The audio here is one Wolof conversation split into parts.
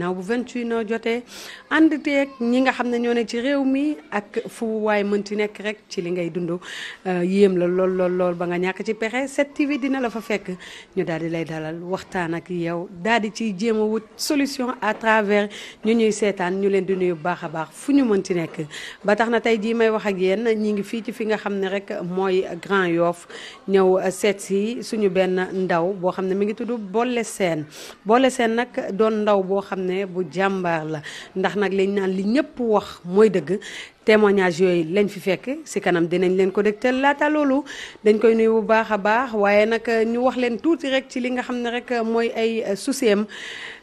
naaw bu 28 noo jotee ànd teeg ñi nga xam ne ñoo ne ci réew mii ak fu waay mënti nekk rek ci li ngay dund euh, yéem la lool lool lool ba nga ñàkk ci pexe 7TV dina la fa fekk ñu daal di lay dalal waxtaan ak yow daal di ciy jéem a wut solution à travers ñu ñuy seetaan ñu leen di nuyu baax a baax fu ñu mënti nekk. ba tax na tey jii may wax ak yéen ñi ngi fii ci fi nga xam ne rek mooy Grand Yoff ñëw euh, seet si suñu benn ndaw boo xam ne mu ngi tudd Bolle seen Bolle ne bu jàmbaar la ndax nag lañ naan li ñëpp wax mooy dëgg témoignage yooyu lañ fi fekk si kanam dinañ leen ko dégtal laata loolu dañ koy nuyu bu baax a baax waaye nag ñu wax leen tuuti rek ci li nga xam ne rek mooy ay souci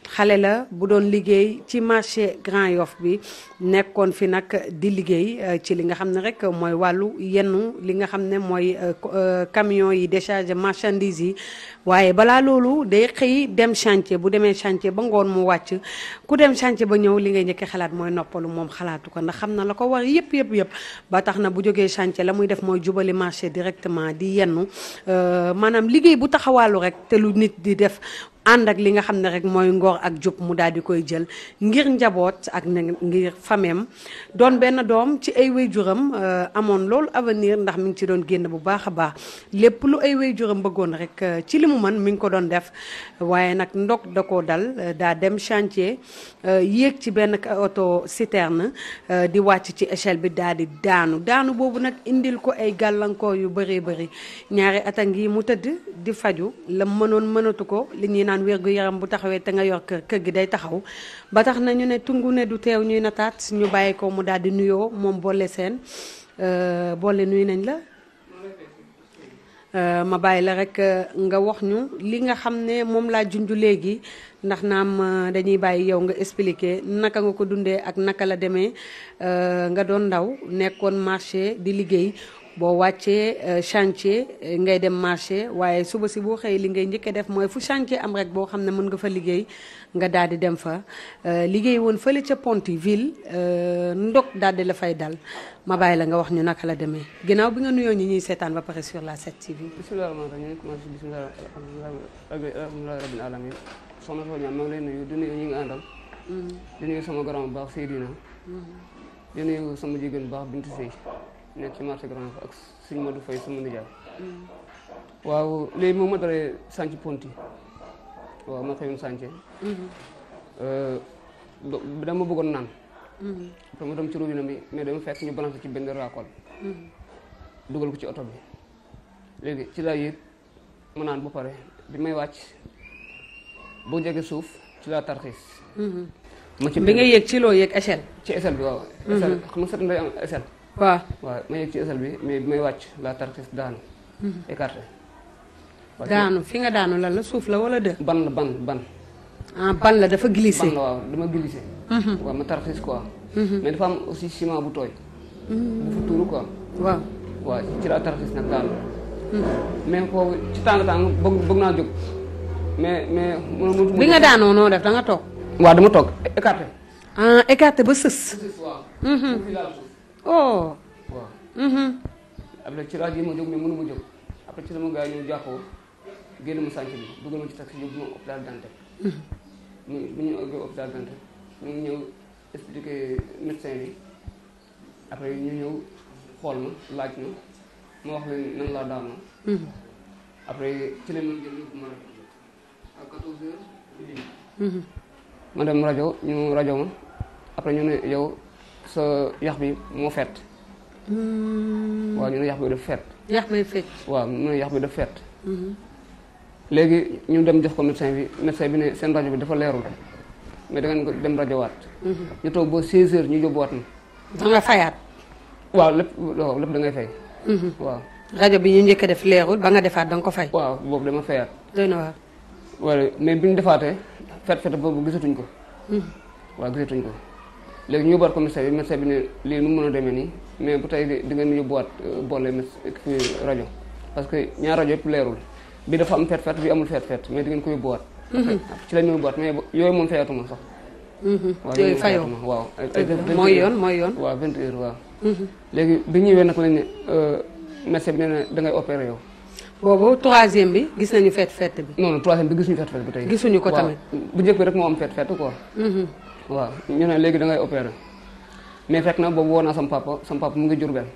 xale la bu doon liggéey ci marché Grand Yoff bi nekkoon fi nag di liggéey euh, ci li nga xam ne rek mooy wàllu yennu li nga xam ne mooy euh, euh, camion yi décharge marchandise yi waaye balaa loolu day xëy dem chantier bu demee chantier ba ngoon mu wàcc ku dem chantier ba ñëw li ngay njëkk xalaat mooy noppalu moom xalaatu ko ndax xam na la ko war yëpp yëpp yëpp ba tax na bu jógee chantier la muy def mooy jubali marché directement di yennu maanaam liggéey bu taxawaalu rek te lu nit di def ànd ak li nga xam ne rek mooy ngor ak jub mu daal di koy jël ngir njaboot ak na ngir fameem doon benn doom ci ay waajuram euh, amoon loolu avenir ndax mi ngi ci doon génn bu baax a baax lépp lu ay waajuram bëggoon rek euh, ci li mu mën mi ngi ko doon def waaye nag ndog da koo dal euh, daa dem chantier yéeg ci benn auto citerne di wàcc ci échelle bi daal di daanu daanu boobu nag indil ko ay gàllankoor yu bëree bëri ñaari at a ngi mu tëdd di faju la mënoon mënatu ko li naan wér gu yaram bu taxawee te nga yor kër gi day taxaw ba tax na ñu ne tungu ne du teew ñuy nataat ñu bàyyi ko mu daal di nuyoo moom boole seen euh, boole nuyu nañ la. Euh, ma bàyyi la rek euh, nga wax ñu li nga xam ne moom laa junj léegi ndax naam dañuy bàyyi yow nga expliquer naka nga ko dundee ak naka la demee nga doon ndaw nekkoon marché di liggéey. boo wàccee euh, chantier euh, ngay dem marché waaye suba si boo xëyee li ngay njëkkee def mooy fu chantier am rek boo xam ne mën nga fa liggéey nga daal dem fa euh, liggéey woon fële ca Pontiville ndog daal di la fay dal ma bàyyi la nga wax ñu naka la demee ginnaaw bi nga nuyoo ñi ñuy seetaan ba pare sur la 7 TV. bisimilah rahmaani rahiim commencé bisimilah rabbil alamin soxna Sow ñaan maa ngi lay nuyu di nuyu ñi nga àndal. Mm. di nuyu sama grand nekk ci marché Grand Yoff ak ma Modou Faye sama nijaay mm. waaw léegi moom ma daree sànc ponti waaw ma xëyoon sànce mm-hmm. euh, dama bëggoon naan mm-hmm. après ma dem ci robinet bi mais dama fekk ñu balancé ci benn raakool mm-hmm. dugal ko ci oto bi léegi ci laa yéeg ma naan bu pare bi may wàcc boo jege suuf ci laa tarxiis ma ci bi nga yéeg ci loo yéeg échelle ci échelle bi waaw échelle xam nga set nday am échelle waaw waaw ma ci ësal bi mais bi may wàcc la tarxis daanu. Mhm. écarté. daanu fi nga daanu lan la suuf la wala dë. ban la ban ban. ah ban la dafa glissé ban la waaw dama glissé. Mhm. waaw ma tarxis mhm. mais bu tooy. bu fa tuuru quoi. waaw waaw ci la tarxis nag daanu. mais foofu ci tàng tàng bëgg bëgg bi nga daanoo noo def da toog. waaw dama toog écarté. Ah, ba sës. oh. waaw. Mm-hmm. après ci rajo yi ma jóg mais mënu ma jóg après ci sama gars yi ñëw jàppoo génn ma sànq bi dugal ma ci taxi yóbbu ma hôpital Dantec. Mm-hmm. mu bu ñu ëggee hôpital Dantec ñu ñëw expliqué médecin bi après ñu ñëw xool ma laaj ma ma wax leen nan laa daanoo. Mm-hmm. après ci la ñu jël yóbbu ma rajo ma rajo après ñu ne yow. sa yax bi moo fett. Hmm. waaw ñu ne yax bi dafa fett. yax bi fett. waaw ñu ne yax bi def fett. Hmm. léegi ñu dem jox ko médecin bi médecin bi ne seen rajo bi dafa leerul mais dangeen ko dem rajowaat. Hmm. ñu toog ba 16 heures ñu yóbbuwaat na. da nga waaw lépp waaw lépp ngay fay. waaw rajo bi ñu njëkk def leerul ba nga defaat da nga ko fay. waaw boobu dama fayaat. doy na wala mais bi ñu defaatee fet fet boobu gisatuñ ko. waaw gisatuñ ko. léegi ñu yóbbuwaat ko ministère bi ministère bi ne lii nu mu a demee nii mais bu tey di ngeen yóbbuwaat euh, boole kii rajo parce que ñaar rajo yëpp leerul bi dafa am fet-fet bi amul fet-fet mais di ngeen ko yóbbuwaat. Mhm. Ah, ci la ñu yóbbuwaat mais yooyu moom fayatuma sax. Mhm. yooyu fayoo waaw mooy yoon mooy yoon waaw vingt heures waaw. Mhm. léegi bi ñëwee nag lañ ne euh, médecin bi nee na dangay opéré yow. boobu troisième bi gis nañu fet-fet bi. non non troisième bi gisuñu fet-fet bi tey. gisuñu ko tamit bu njëkk bi rek moo am fet-fet quoi. waaw ñu ne léegi dangay ngay mais fekk na boobu woo naa sama papa sama mu ngi Jurbel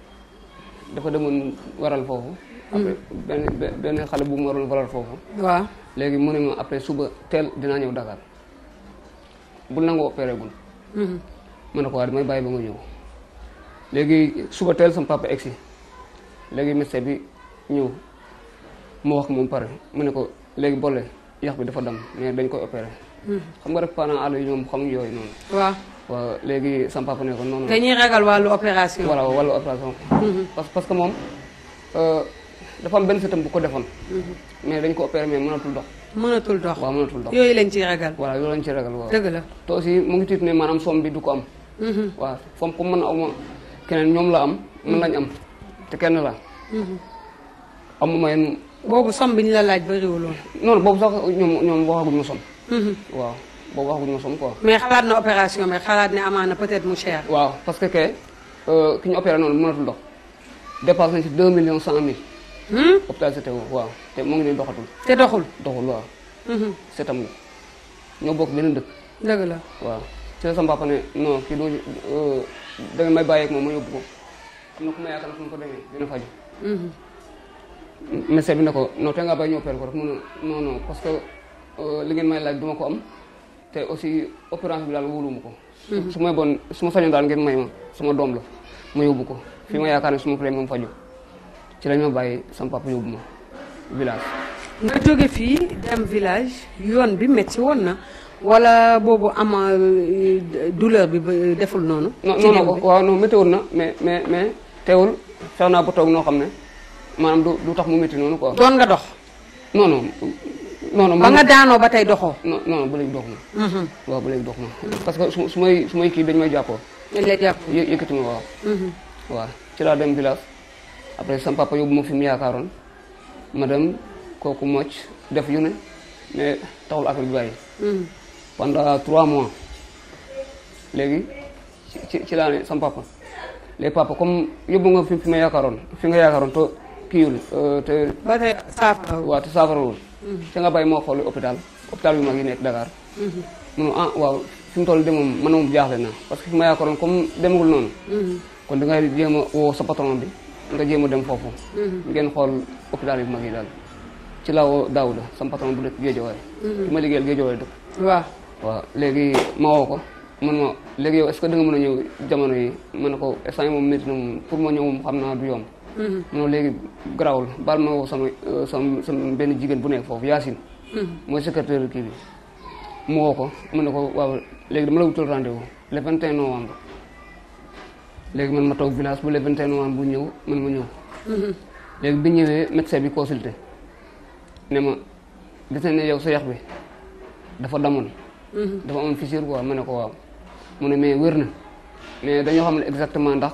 dafa demoon waral foofu. Hmm. benn xale bu mu waroon waral foofu. waaw léegi mu ne ma après suba teel dinaa ñëw Dakar bul nangu opéré gul. Hmm. ma ne ko waa damay bàyyi ba nga ñëw. léegi suba teel sama papa egsi léegi médecin bi ñëw mu wax moom pare mu ne ko léegi boole yax bi dafa dam mais dañ koy opéré. xam nga rek parents àll yi ñoom xamuñ yooyu noonu. waaw waaw léegi sama papa ne ko noonu. dañuy ragal wàllu opération. voilà mhm. que moom euh, dafa am benn sëtam ko defoon. Mhm. mais dañ ko opéré mais mënatul dox. mënatul dox waaw mënatul dox yooyu lañ ciy ragal. voilà yooyu lañ ciy ragal waaw. dëgg la te aussi am. Mhm. man la am lañ am te kenn la. amuma yenn. boobu somme bi ñu la laaj bëriwuloon. non boobu sax ñoom ñoom waxaguñu somme. Mm-hmm. waaw boobu waxaguñ ma somme quoi. mais xalaat na opération mais xalaat ne amaana peut mu cher. waaw parce que euh, ki ñu opéré noonu mënatul dox dépassé nañ ci 2 millions 100 mille. Hmm? hôpital Cité woo waaw te mu ngi nii doxatul. te doxul doxul waaw. Mm-hmm. seetam la ñoo bokk benn dëkk. dëgg la waaw ci la sama ne non kii doo euh, da nga may bàyyi ak moom na ku ma yaakaar ne fu mu ko demee mm-hmm. ko non te nga bàyyi ñu opéré ko rek mu ne non parce que. Euh, li ngeen may laaj duma ko am te aussi opération bi daal wóoluwuma ko. su ma mhm. bon su ma daal ngeen may ma suma doom la ma yóbbu ko fi ma yaakaar ne su ma paree moom faju ci lañ ma bàyyi sama papa yóbbu ma fii dem village yoon bi métti woon na wala boobu am euh, douleur bi deful noonu. ci non non mais mais mais teewul fex naa ba toog noo xam ne maanaam du du tax mu métti noonu quoi. doon nga dox. non non non ba nga daanoo ba tey doxoo. non non ba léegi dox ma. Mhm. waaw ba léegi dox ma parce que su may su may jàppoo. yë yëkkati ma mhm. waaw. ci laa dem village après sama papa yóbbu ma fi yaakaaroon ma dem kooku mocc def yu ne mais taxul affaire bi bàyyi. Mhm. trois mois léegi ci laa ne sama léegi papa comme yóbbu nga fi fi yaakaaroon fi nga yaakaaroon te kiiwul euh, te. ba tey ca nga bay moo xool hôpital hôpital bi mag yi nekk Dakar. Mhm. mu ah waaw fi toll de man moom jaaxle na parce que fi ma yaakaaroon comme demagul noonu. Mhm. kon da ngay jéem sa patron bi nga dem foofu. Mhm. ngeen xool hôpital bi mag yi daal ci laa woo Daouda sama patron bu dëkk Géejawaay. ki ma liggéeyal Géejawaay dëkk. waaw waaw léegi ma ko. man léegi yow est-ce que a ñëw jamono yi ma ne ko instant moom métti na moom pour moo ñëw moom xam naa du yomb. mu mm-hmm. léegi garawul baal ma woo euh, sama sama benn jigéen bu nekk foofu Yacine. Mm-hmm. mooy secrétaire kii bi mu woo ko mu ne ko waaw léegi dama la wutal rendez-vous le 21 novembre léegi man ma toog village bu le 21 novembre bu ñëw man ma ñëw. Mm-hmm. léegi bi ñëwee médecin bi consulté ne ma gis nañ ne yow sa yax bi dafa damoon. dafa fisir fissure quoi ma ne ko waaw mu ne mais wér na mais dañoo xam ne exactement ndax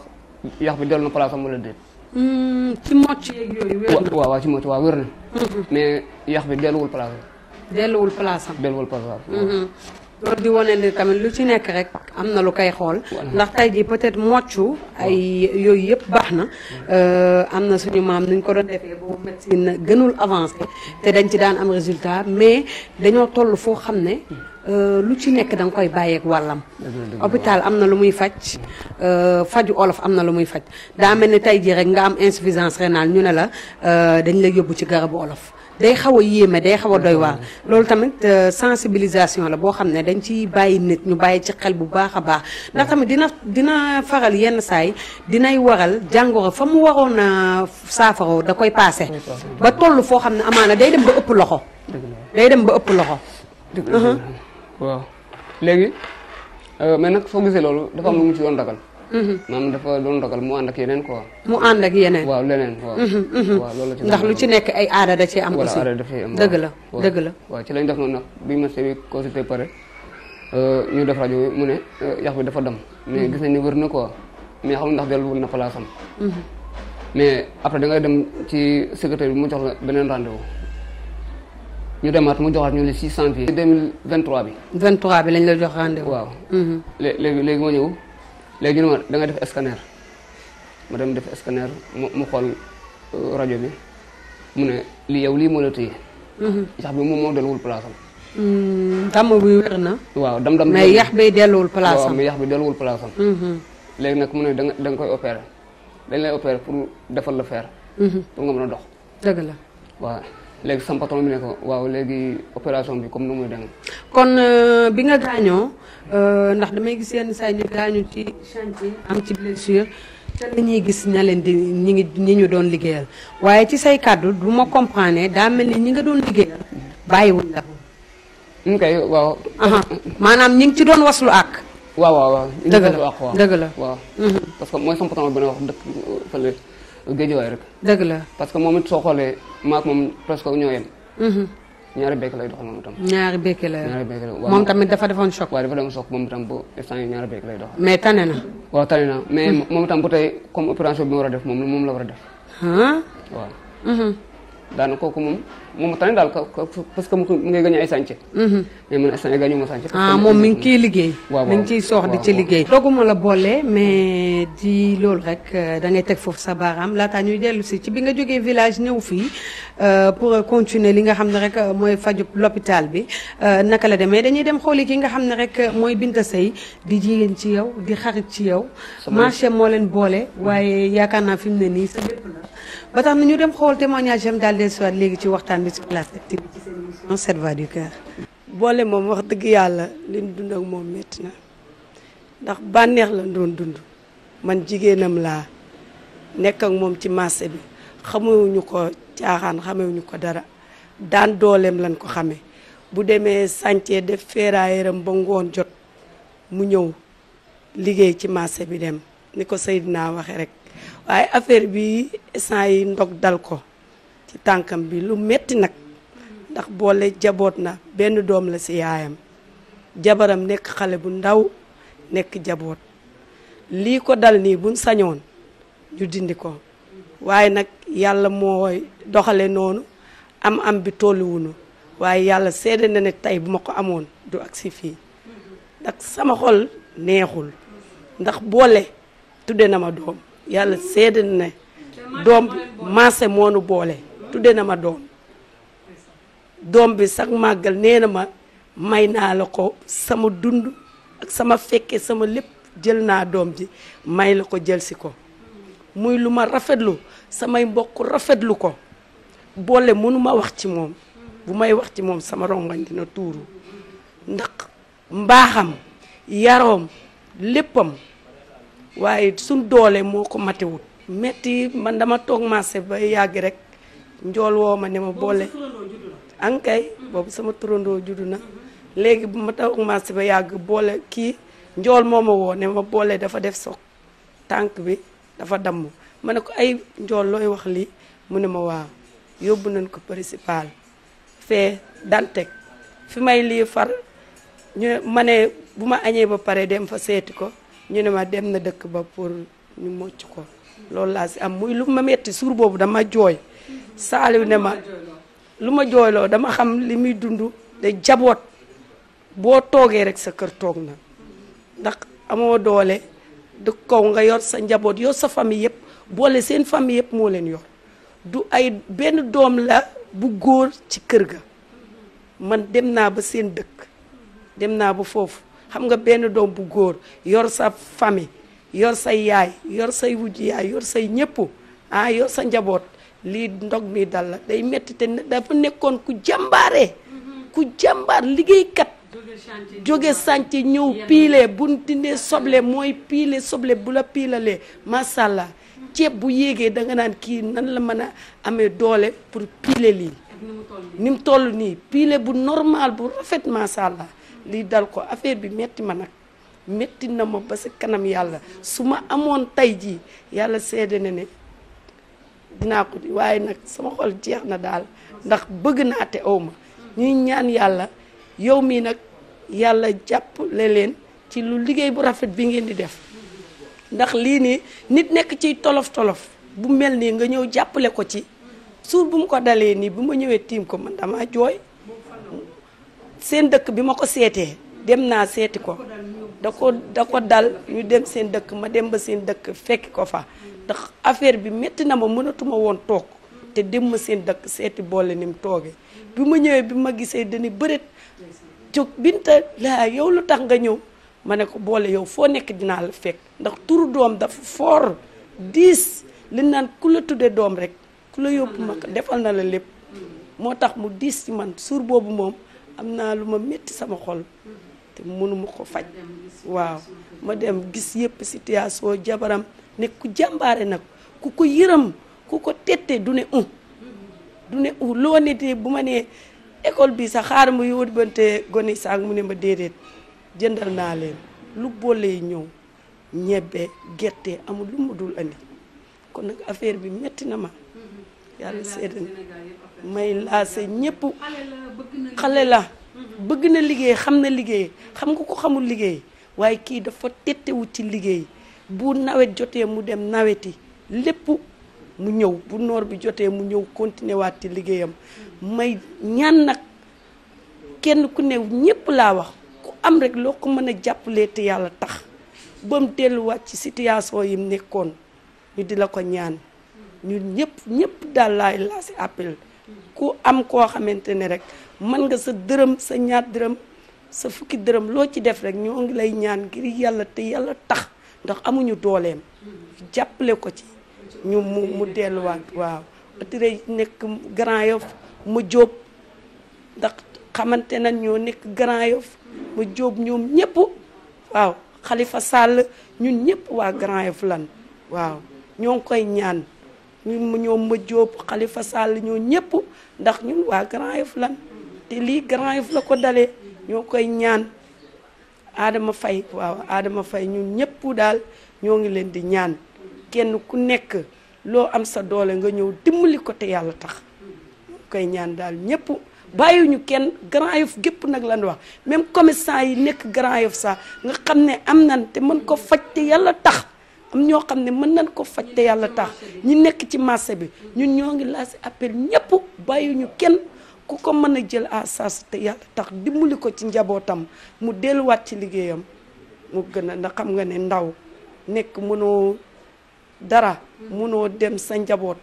yax bi dellu na place am wala déet. Hmm, ci mocc yeeg yooyu wér na waaw waaw ci mocc waaw wér na. Mhm. mais yax bi delluwul place am. delluwul place am delluwul mhm. di wane tamit lu ci nekk rek am na lu koy xool. ndax tey jii peut-être moccu ay yooyu yëpp baax na. Euh, am na suñu maam nuñ ko doon defee boobu médecine gënul avancé te dañ ci daan am résultat mais dañoo toll foo xam ne. Hmm. Euh, lu ci nekk danga koy bàyyeek wàllam hôpital am na lu muy faj euh, faju olof am na lu muy faj daa mel ni tey jii rek nga am insuffisance rénale ñu ne la euh, dañ lay yóbbu ci garabu olof day xaw a yéeme day xaw a doy waar loolu tamit sensibilisation la boo xam ne dañ ci bàyyi nit ñu bàyyi ci xel bu baax a baax ndax tamit dina dina faral yenn saay dinay waral jàngoro fa mu waroon a saafaro da koy paase ba toll foo xam ne amaana day dem ba ëpp loxo day dem ba ëpp loxo waa léegi euh, mais nag soo gisee loolu dafa am lu mu ci doon ragal. Mhm. maanaam dafa doon ragal mu ànd ak yeneen quoi. mu ànd ak yeneen waaw leneen waaw. Mhm, mhm. waaw loolu ci ndax lu ci nekk ay aada da cee am. aussi aada da am dëgg la dëgg la. waaw ci lañ def noonu nag bi ma bi consulté pare euh, ñu def rajo bi mu ne euh, yax bi dafa dam mais gis nañ ni wër na quoi mais xam ndax dellu na palaasam. mais après da ngay dem ci secrétaire bi mu jox la beneen rendez ñu demaat mu joxaat ñu le 6 janvier. 2023 bi. 23 bi lañ la jox rendez-vous. waaw. Mhm. léegi léegi ma ñëw léegi ñu ne ma da nga def scanner ma dem def scanner mu xool euh, rajo bi mu ne li yow lii moo la téye. Mhm. yax bi moom moo delluwul place am. Mhm. damm bi wér na. waaw dam dam mais yax bi delluwul place am waaw mais yax bi delluwul place am. léegi nag mu ne da nga da koy opérer dañ lay opérer pour defal la fer. pour nga mën a dox. dëgg la léegi sama patron ne ko waaw léegi opération bi comme nu muy demee. kon euh, bi nga gaañoo euh, ndax damay gis yenn saa ñu gaañu ci chantier am ci blessure te la ñuy gis ña leen di ñu ngi ñi ñu doon liggéeyal waaye ci say kàddu du ma comprendre daa mel ni ñi nga doon liggéeyal bàyyiwul la. ñu koy waaw. maanaam ñi ngi ci doon waslu àq. waaw waaw waaw. dëgg la dëgg waaw. Mhm. parce que mooy sama patron bi ne wax dëkk fële. géejewaay rek. dëgg la parce que moom it maak moom presque ñoo yem. Mhm. ñaari ñaari bekk la ñaari bekk la moom tamit dafa defoon choc. waaw dafa defoon choc moom itam bu instant yii ñaari bekk lay doxal. mais tane na. waaw tane na mais mhm. moom itam bu tey comme opération bi mu a def moom la war a def. waaw. Mhm. daanaka kooku moom. moom mu tane daal parce que mu ngay gagné ay sànce mhm. mais man instant gagné ma ah, moom mi ngi ciy liggéey mi ngi ciy soox di ci liggéey dooguma la boole mais di loolu rek euh, dangay teg foofu sa baaraam laataa ñuy dellu si ci bi nga jógee village ñëw fii euh, pour continuer li nga xam ne rek euh, mooy fajub l'hôpital bi naka la demee dañuy dem xooli ki nga xam ne rek mooy Binta Seye di jigéen ci yow di xarit ci yow marché moo leen boole waaye yaakaar naa fi ne nii sa lépp la ba tax na ñu dem xool te témoignage am daal di soit léegi ci waxtaan bi ci place active bi boole moom wax dëgg yàlla li ñu dund ak moom métti na ndax bànneex la doon dund man jigéenam la nekk ak moom ci marché bi xamewuñu ko caaxaan xamewuñu ko dara daan dooleem lañ ko xame bu demee chantier def ferrailleram ba ngoon jot mu ñëw liggéey ci marché bi dem ni ko Seydina waxee rek. waaye affaire bii sant yi ndog dal ko ci tànkam bi lu metti nag ndax boole jaboot na benn doom la si yaayam jabaram nekk xale bu ndaw nekk jaboot lii ko dal nii buñ sañoon ñu dindi ko waaye nag yàlla mooy doxale noonu am am bi tolluwunu waaye yàlla seede na ne tey bu ma ko amoon du ak si fii ndax sama xol neexul ndax boole tudde na ma doom yàlla seede na ne doom maase moo nu boole tudde na ma doom doom bi sax màggal nee na ma may naa la ko sama dund ak sama fekke sama lépp jël naa doom ji may la ko jël si ko muy lu ma rafetlu samay mbokk rafetlu ko boole mënuma wax ci moom bu may wax ci moom sama rongañ dina tuuru ndax mbaaxam yaroom léppam waaye suñ doolee moo ko matewut metti man dama toog marché ba yàgg rek njool woo ma ne ma boole ankay boobu sama turandoo juddu na léegi bu ma toog marché ba yàgg boole kii njool moo ma woo ne ma boole dafa def soog tànk bi dafa dambu ma ne ko ay njool looy wax lii mu ne ma waaw yóbbu nañ ko principal fee Dantec fi may lii far ñu ma ne bu ma añee ba pare dem fa seeti ko ñu ne ma dem na dëkk ba pour ñu mocc ko loolu laa si am muy lu ma metti suur boobu dama jooy saaliw ne ma lu ma jooyloo dama xam li muy dund te jaboot boo toogee rek sa kër toog na ndax amoo doole dëkk kow nga yor sa njaboot yor sa famille yëpp boole seen famille yëpp moo leen yor du ay benn doom la bu góor ci kër ga man dem naa ba seen dëkk dem naa ba foofu xam nga benn doom bu góor yor sa famille yor say yaay yor say wujj yaay yor say ñëpp ah sa njaboot lii ndog mi dal day metti te dafa nekkoon ku jàmbaare ku jàmbaar liggéeykat joge sànci ñëw pile bu dindee soble mooy pile soble bu la piilalee macha allah ceeb bu yéegee da nga naan kii nan la mën a amee doole pour piile lii ni mu toll nii piile bu normal bu rafet macha allah lii dal ko affaire bi metti ma nag metti na ma ba sa kanam yàlla su ma amoon tey jii yàlla seede na ne dinaa ko di waaye nag sama xol jeex na daal ndax bëgg naa te aw ma ñuy ñaan yàlla yow mii nag yàlla jàppale leen ci lu liggéey bu rafet bi ngeen di def ndax lii ne nit nekk ci tolof tolof bu mel nii nga ñëw jàppale ko ci suur bu mu ko dalee nii bu ma ñëwee tiim ko man dama jooy seen dëkk bi ma ko seetee dem naa seeti ko da ko da ko dal ñu dem seen dëkk ma dem ba seen dëkk fekki ko fa ndax affaire bi métti na ma mënatuma woon toog te dem ma seen dëkk seeti boole ni mu toogee bi ma ñëwee bi ma gisee dañu bëreet jóg binta laa yow lu tax nga ñëw ma ne ko boole yow foo nekk dinaa la fekk ndax turu doom dafa foor diis li naan ku la tuddee doom rek ku la yóbbu ma defal na la lépp moo tax mu diis ci man suur boobu moom am naa lu ma métti sama xol te mënuma ko faj waaw ma dem gis yëpp situation jabaram nekk ku jàmbaare nag ku ko yëram ku ko tette du ne un du ne un loo ne te bu ma nee école bi sax xaar ma yóbbante gone saak mu ne ma déedéet jëndal naa leen lu boole ñëw ñebbe gerte amul lu mu dul andi kon nag affaire bi metti na ma mm-hmm. yàlla seedal may laase ñëpp xale la bëgg na liggéey xam na liggéey xam nga ko xamul liggéey waaye kii dafa tettewu ci liggéey bu nawet jotee mu dem naweti lépp mu ñëw bu noor bi jotee mu ñëw continuer waat ci liggéeyam may ñaan nag kenn ku ne ñëpp laa wax ku am rek loo ko mën a jàppalee te yàlla tax bam mu delluwaat ci situation yi nekkoon ñu di la ko ñaan ñun ñëpp ñëpp daal laay laa si appel ku am koo xamante ne rek man nga sa dërëm sa ñaar dërëm sa fukki dërëm loo ci def rek ñoo ngi lay ñaan ngir yàlla te yàlla tax ndax amuñu dooleem jàppale ko ci ñu mu mu delluwaat waaw atire nekk Grand Yoff ma jóob ndax xamante nañ ñoo nekk Grand Yoff ma jóob ñoom ñëpp waaw xalifa sàll ñun ñëpp waa Grand Yoff lan waaw ñoo koy ñaan ñu ñoom ma jóob Khalifa Sall ñoo ñëpp ndax ñun waa Grand Yoff lan te lii Grand Yoff la ko dalee ñoo koy ñaan Adama fay waaw Adama fay ñun ñëpp daal ñoo ngi leen di ñaan kenn ku nekk loo am sa doole nga ñëw dimbali ko te yàlla tax koy ñaan daal ñëpp bàyyiwuñu kenn Grand Yoff gépp nag lan wax même commerçant yi nekk Grand Yoff sax nga xam ne am nan te mën ko faj te yàlla tax ñoo xam ne mën nañ koo faj te yàlla tax ñu nekk ci marché bi ñun ñoo ngi lancé appel ñëpp bàyyiñu kenn ku ko mën a jël à sas te yàlla tax dimbali ko ci njabootam mu delluwaat ci liggéeyam mu gën a ndax xam nga ne ndaw nekk mënoo dara mënoo dem sa njaboot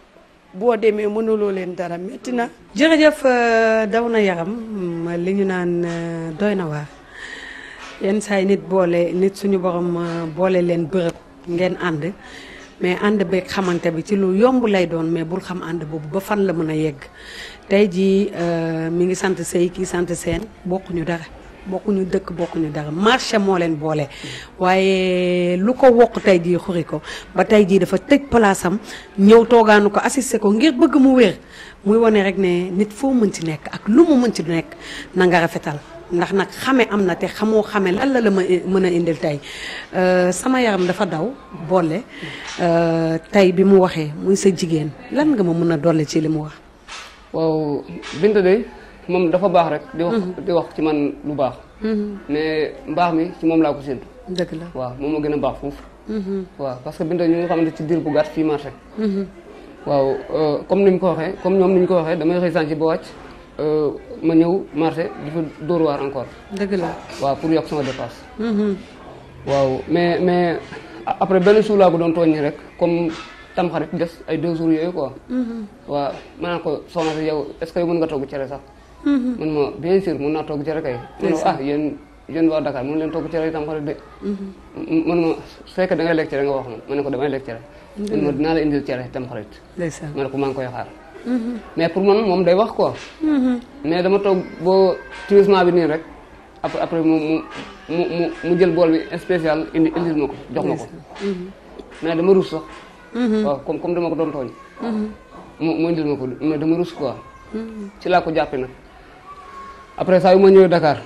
boo demee mënuloo leen dara métti na. jërëjëf euh, daw na yaram li ñu naan euh, doy na waar yenn saa yi nit boole nit suñu borom euh, boole leen bërëb. ngeen ànd mais ànd beeg xamante bi ci lu yomb lay doon mais bul xam ànd boobu ba fan la mën a yegg tey jii euh, mi ngi sant sëy kii sant seen bokkuñu dara bokkuñu dëkk bokkuñu dara marché moo leen boole waaye lu ko wokk tey jii xuri ko ba tey jii dafa tëj place ñëw toogaanu ko assisté ko ngir bëgg mu wér muy wane rek ne nit foo mën ci nekk ak lu mu mën ci nekk na nga rafetal ndax nag xame am na te xamoo xame lan la la ma mën a indil tey euh, sama yaram dafa daw boole euh, tey bi mu waxee muy sa jigéen lan nga ma mën a dolli ci li mu wax. waaw Binta de moom dafa baax rek. di wax mhm. di wax ci man lu baax. mais mhm. mbaax mi ci moom laa ko séntu. dëgg la waaw moom moo gën a baax foofu. Mhm. waaw parce que Binta ñu nga xamante ci diir bu gàtt fii marché. waaw euh, comme ni mu ko waxee comme ñoom ni ñu ko waxee damay xëy sànci ba wàcc. Euh, ma ñëw marché di fa dóor waar encore. dëgg la waaw pour yokk sama dépasse. Mhm. waaw mais mais après benn jour laa ko doon tooññi rek comme tam xarit des ay deux jours yooyu quoi. Mhm. waaw ma naan ko soxna si yow est ce que yow mën nga togg cere sax. mun mhm. ma bien sûr mun naa togg cere kay. mun ah yéen yéen waa Dakar mun leen togg cere tam xarit de. mun ma fekk da ngay lekk cere nga wax ma ma ne ko damay lekk cere. mun ma dinaa la indil cere tam xarit. ma ne ko maa ngi koy xaar. mais pour man moom day wax quoi. mais dama toog boo tourisme bi nii rek après après mu mu mu jël bool bi spécial indi indil ma ko jox ma ko. mais dama rus sax. waaw dama ko doon tooñ. mu ko mais dama quoi. ci laa ko jàppee nag après saa yu ma ñëwee dakaar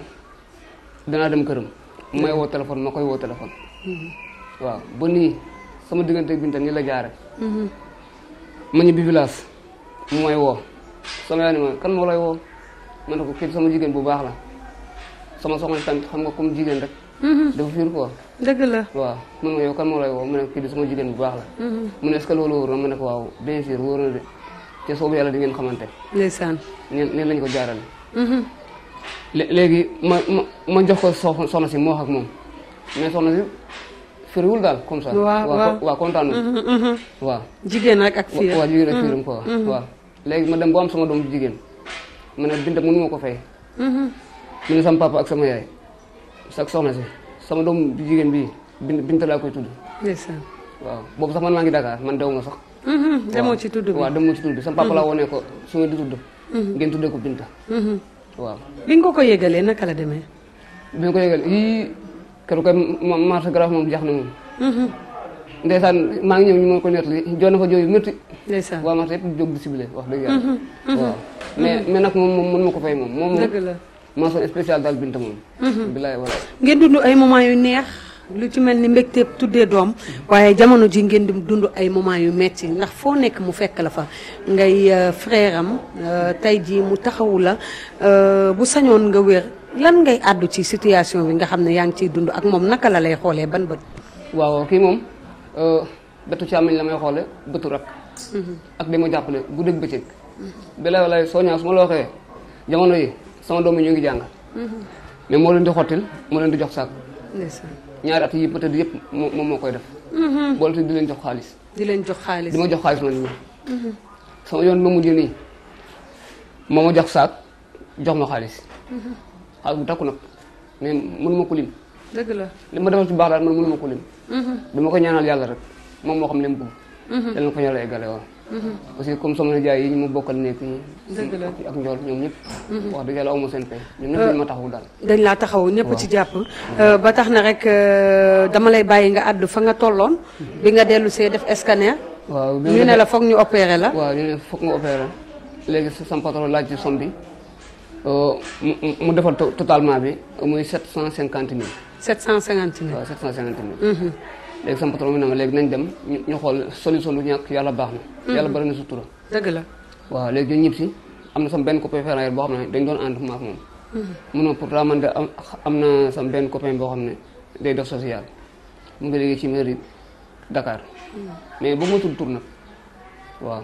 danaa dem këram. may woo téléphone ma koy woo téléphone. waaw ba nii sama diggante Binta nii la jaare ma ñibbi village. mu may woo sama yaay ni ma kan moo lay woo ma ne ko kii sama jigéen bu baax la sama soxna tamit xam nga comme jigéen rek. Mhm. dafa fiir quoi. dëgg la waaw mu ne ma yow kan moo lay woo mu ne jigéen bu baax la. Mhm. mu ne est ma ne ko waaw bien sûr wóor na de te soobu yàlla di ngeen xamante. lañ ko jaarale. Mhm. léegi ma ma ma jox ko soxna si moo wax ak moom mais soxna si firiwul daal comme ça. waaw waaw waaw jigéen ak ak fiir waaw jigéen léegi ma dem ba sama doom jigéen ma ne Binta mënu ma ko fay. Mm-hmm. mu ne sama papa ak sama yaay ak soxna si sama doom jigéen bi Binta laa koy tudd. waaw boobu sax man maa ngi Dakar man dew ma sax. Mm-hmm. demoo ci tudd bi waaw demoo ci tudd bi sama papa laa mm-hmm. wone ko su ma di tudd. ngeen tuddee ko Binta. waaw bi ko ko yëgalee naka la demee. bi ko yëgalee yii keroog kay marché grave moom jaax na moom. ndeysaan maa ngi ñëw ñu mën ko nettali joon na fa jooyu métti waa Marseille yëpp jóg di ciblé wax dëgg yàlla mhm, mhm. waaw mais mhm. mais moom moom mën ma ko fay moom moom mention spéciale daal Binta moom bilaay wala ngeen dund ay moment yu neex lu ci mel ni mbégteeb tuddee doom waaye jamono ji ngeen di dund ay moment yu metti ndax foo nekk mu fekk la fa ngay euh, frère euh, tey jii mu taxawu la euh, bu sañoon nga wér lan ngay àddu ci situation bi nga xam ne yaa ngi ciy dund ak moom naka la lay xoolee ban bët waaw kii moom Euh, bëtu càmmiñ la may xoole bëtu rakk mm-hmm. ak di ma jàppale guddeeg bëccëg bela walay sooñaa su ma la waxee jamono yi sama doom yi ñu ngi jàng mm-hmm. mais moo leen di xottil di jox saak ñaari at yëpp moom moo koy def mm-hmm. boole te di leen jox xaalis di leen jox xaalis di ma jox xaalis man ñu sama yoon ma mujj moo ma jox saak jox ma xaalis xaalis bu takku nag mais mënuma ko lim dëgg la li ma defal ci baax daal man mënu ma ko lim. Mhm. ko ñaanal yàlla rek moom moo xam ne mu bëgg. danañ ko ñaanal eggale woon. Mhm. aussi comme sama nijaay yi ñu ma bokkal nekk ñi. dëgg la ñëpp. Mhm. wax dëgg yàlla aw ma seen pay euh, taxawu daal. dañ laa taxaw ñëpp si jàpp. Euh, ba tax na rek euh, dama lay bàyyi nga àddu fa nga tolloon. bi nga dellu see def scanner. waaw ñu ne la foog ñu opéré la. waaw ñu ne léegi sa patron laaj ci som bi. mu defar totalement bi muy sept cent cinquante mille. sept cent cinquante mille waaw sept cent cinquante mille. Mhm. léegi sama patron bi na ma léegi nañ dem ñu xool solution lu ñàkk yàlla baax na. Mhm. yàlla bari na sutura. dëgg la waaw léegi ñu ñib am na sama benn copain ferrailleur boo xam ne dañ doon ànd maak moom. Mhm. munoo pourtant man de am am na sama benn copain boo xam ne day def social mu ngi liggéey ci mairie mais bu ma tudd tur nag waaw.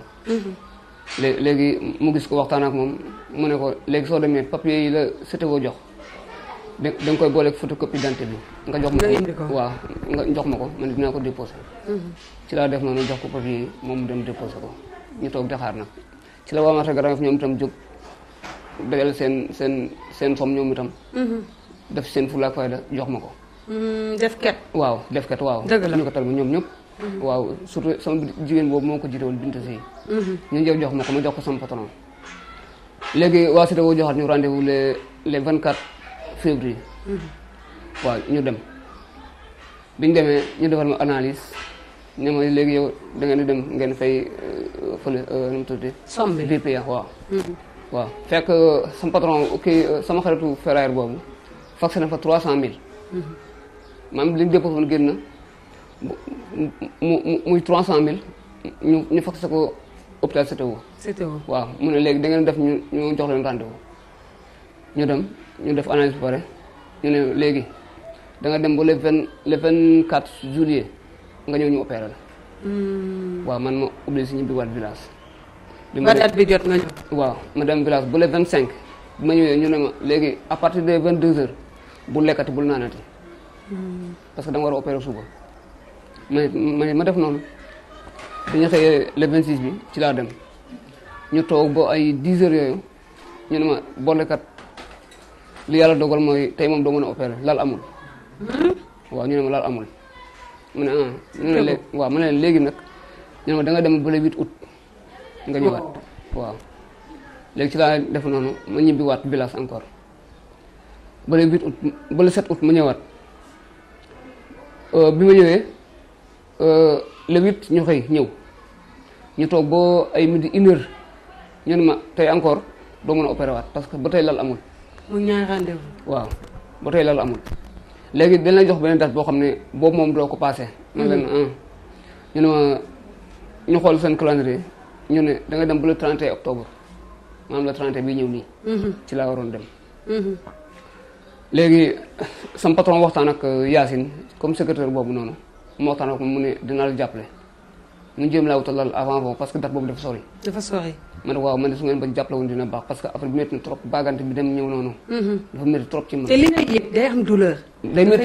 léegi mu gis ko waxtaan ak moom mu ne ko léegi soo demee papier yi la CTO jox da nga koy booleeg photocopie d'identité bi nga jox ma ko jox ma ko man dinaa ko déposé mm-hmm. ci laa def noonu jox ko papier yi moom mu dem déposé ko ñu toog daxaar nag ci la waa marché Grand Yoff ñoom itam jóg dajal seen seen seen som ñoom itam mm-hmm. def seen fulaak fayda jox ma ko mm-hmm. def ket waaw def ket waaw ñu ko tal ñoom ñëpp Mhm. waaw surtout sama jigéen boobu moo ko jiite woon Binta mhm. ñu jow jox ma ko ma jox ko sama patron léegi waa Cité woo joxaat ñu rendez-vous le le vingt quatre février mhm. waaw ñu dem biñ demee ñu defal ma analyse ne ma léegi yow da ngeen dem ngeen fay euh, fële euh, nu mu tuddee somme bi BPA waaw waaw fekk euh, sama patron kii sama xaritu na fa trois cent mille maanaam li ñu déposé mu muy trois cent mille ñu ñu faxase ko hôpital CTO. CTO waaw mu ne léegi da ngeen def ñu ñu jox leen rendez ñu dem ñu def analyse ba pare ñu ne léegi da nga dem ba le vingt le vingt quatre juillet nga ñëw ñu opéré la. Hmm. waaw man ma obligé ñibbi waat village. bi ma at bi jot nga ñëw. waaw ma dem village ba le vingt cinq ma ñëwee ñu ne ma léegi à partir de vingt deux heures bu lekkati bul naanati. Hmm. parce que da nga war a opéré suba. ma ma def noonu bi ñu xëyee le 26 bi ci laa dem ñu toog boo ay 10 heures yooyu ñu ne ma bolekat li yàlla dogal mooy tey moom doo mën a opéré lal amul. Hmm? waa ñu ne ma lal amul. mu ne ah ñu ne léegi waaw mu ne leen léegi nag ñu ne ma da dem ba le 8 août. nga ñëwaat oh. waaw. léegi ci laa def noonu ma ñibbiwaat village encore ba le 8 août ba le 7 ma ñëwaat euh, bi ma ñëwee. Euh, le huit ñu xëy ñëw ñu toog boo ay midi une heure ñu ne ma tey encore doo mën a opéré parce que ba tey lal amul. mu ñaari waaw ba tey lal amul. léegi dañ lay jox beneen date boo xam ne boobu moom doo ko passé. man mhm. leen ñu ne ma ñu xool seen calendrier ñu ne da nga dem ba le 31 octobre maanaam le 31 bi ñëw nii. Mhm. ci laa waroon dem. Mhm. léegi sam patron waxtaan ak euh, Yacine comme secrétaire boobu noonu. moo waxtaan ak mu ne dinaa la jàppale mu jéem laa wutal avant bon parce que date boobu dafa sori. dafa sori. ma man de su ngeen ba jàppale woon dina baax parce que après métti na trop baagante bi dem ñëw noonu. Mhm. dafa a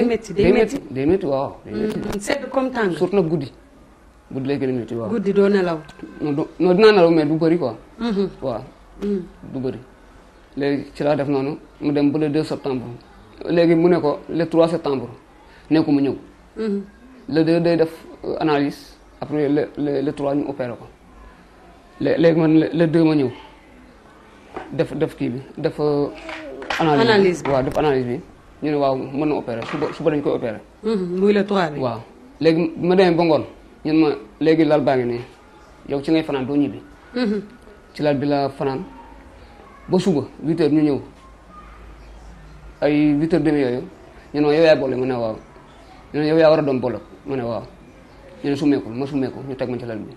métti nelaw. non non dinaa nelaw mais du mhm. Mhm. def noonu mu dem ba le 2 septembre léegi mu ne ko le 3 septembre ne ko mu le deux day def euh, analyse après la le le trois ñu opéré ko léegi man le deux ma ñëw def def kii bi def. Euh, analyse bi waaw def analyse bi ñu waaw mën na opéré suba suba dañ koy opéré. Mhm, waaw léegi ma demee ba ngoon ma léegi lal baa ngi nii yow ci ngay fanaan doo ñibbi. Mhm. ci laal bi la fanaan ba suba huit heures ñu ñëw ay huit heures yooyu ñu ne ma yow yaa boole ma ne waaw ñu ne yow yaa war a doon bolok ma ne waaw ñu ne sumeekul ma sumeeku ñu teg ma ci lal bi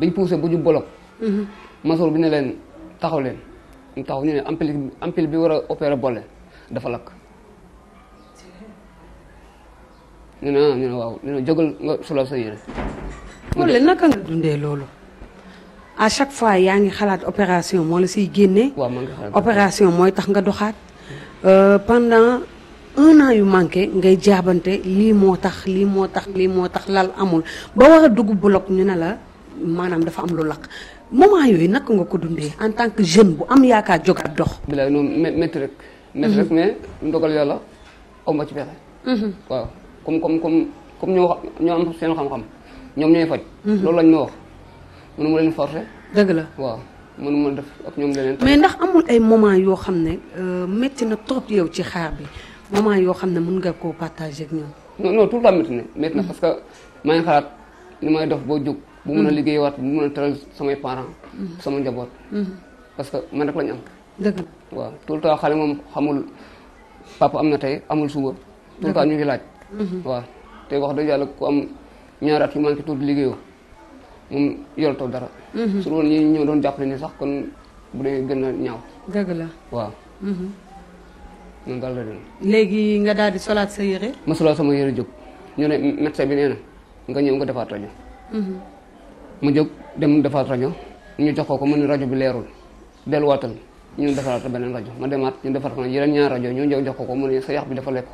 biñ poussé bu ñu bolok mhm. masoor bi ne leen taxaw leen ñu ñu ne ampile bi war a opéré boole dafa lakk ñu ne ah ñu ne waaw ñu ne jógal nga sulal sa yére wala naka nga dundee loolu à chaque fois yaa ngi xalaat opération moo la siy génnee waaw mooy tax nga doxaat mhm. euh, pendant un yu manqué ngay jaabante lii moo tax lii moo tax lii moo tax lal amul ba war a dugg bloc ñu ne la maanaam dafa am lu lakk moment yooyu naka nga ko dundee en tant que jeune bu am yaakaar jógaat dox. bilaay noonu métti rek. métti rek mhm. mais ndogal yàlla aw ma ci pexe. Mhm. waaw comme comme comme comme ñoo ñoo ñoom ñooy faj. Mhm. loolu lañ ma wax mënu ma leen forcer. dëgg la waaw. mënuma def ak ñoom leneen. mais ndax amul ay moment yoo xam ne euh, métti na trop yow ci xaar bi moment yoo xam ne mën nga koo partager ak ñoom. non non tout le temps parce que maa xalaat ni may dox boo jóg. bu mun a mhm. liggéeyuwaat bu mun a teral samay parents. Mhm. sama njaboot. Mhm. parce que ma rek lañu am. dëgg la waaw tout le temps xale moom xamul papa am na tey amul suba. tout le temps laaj. waaw te wax dëgg yàlla ku am ñaari at yu manqué tuuti liggéeyoo moom yoratoo dara. su loolu ñi ñoo doon jàppale ni sax kon bu dee gën a ñaaw. dëgg noonu daal la dem. léegi nga daal di solaat sa yére. ma solaat sama yére jóg ñu ne médecin bi nee nga ñëw nga defaat rajo. mu mhm. jóg dem defaat rajo ñu jox ko ko mu ne rajo bi leerul delluwaatal ñu defaraat beneen rajo ma demaat ñu defar ko yeneen ñaar rajo ñu jox ko ko mu ne sa yax bi dafa lekk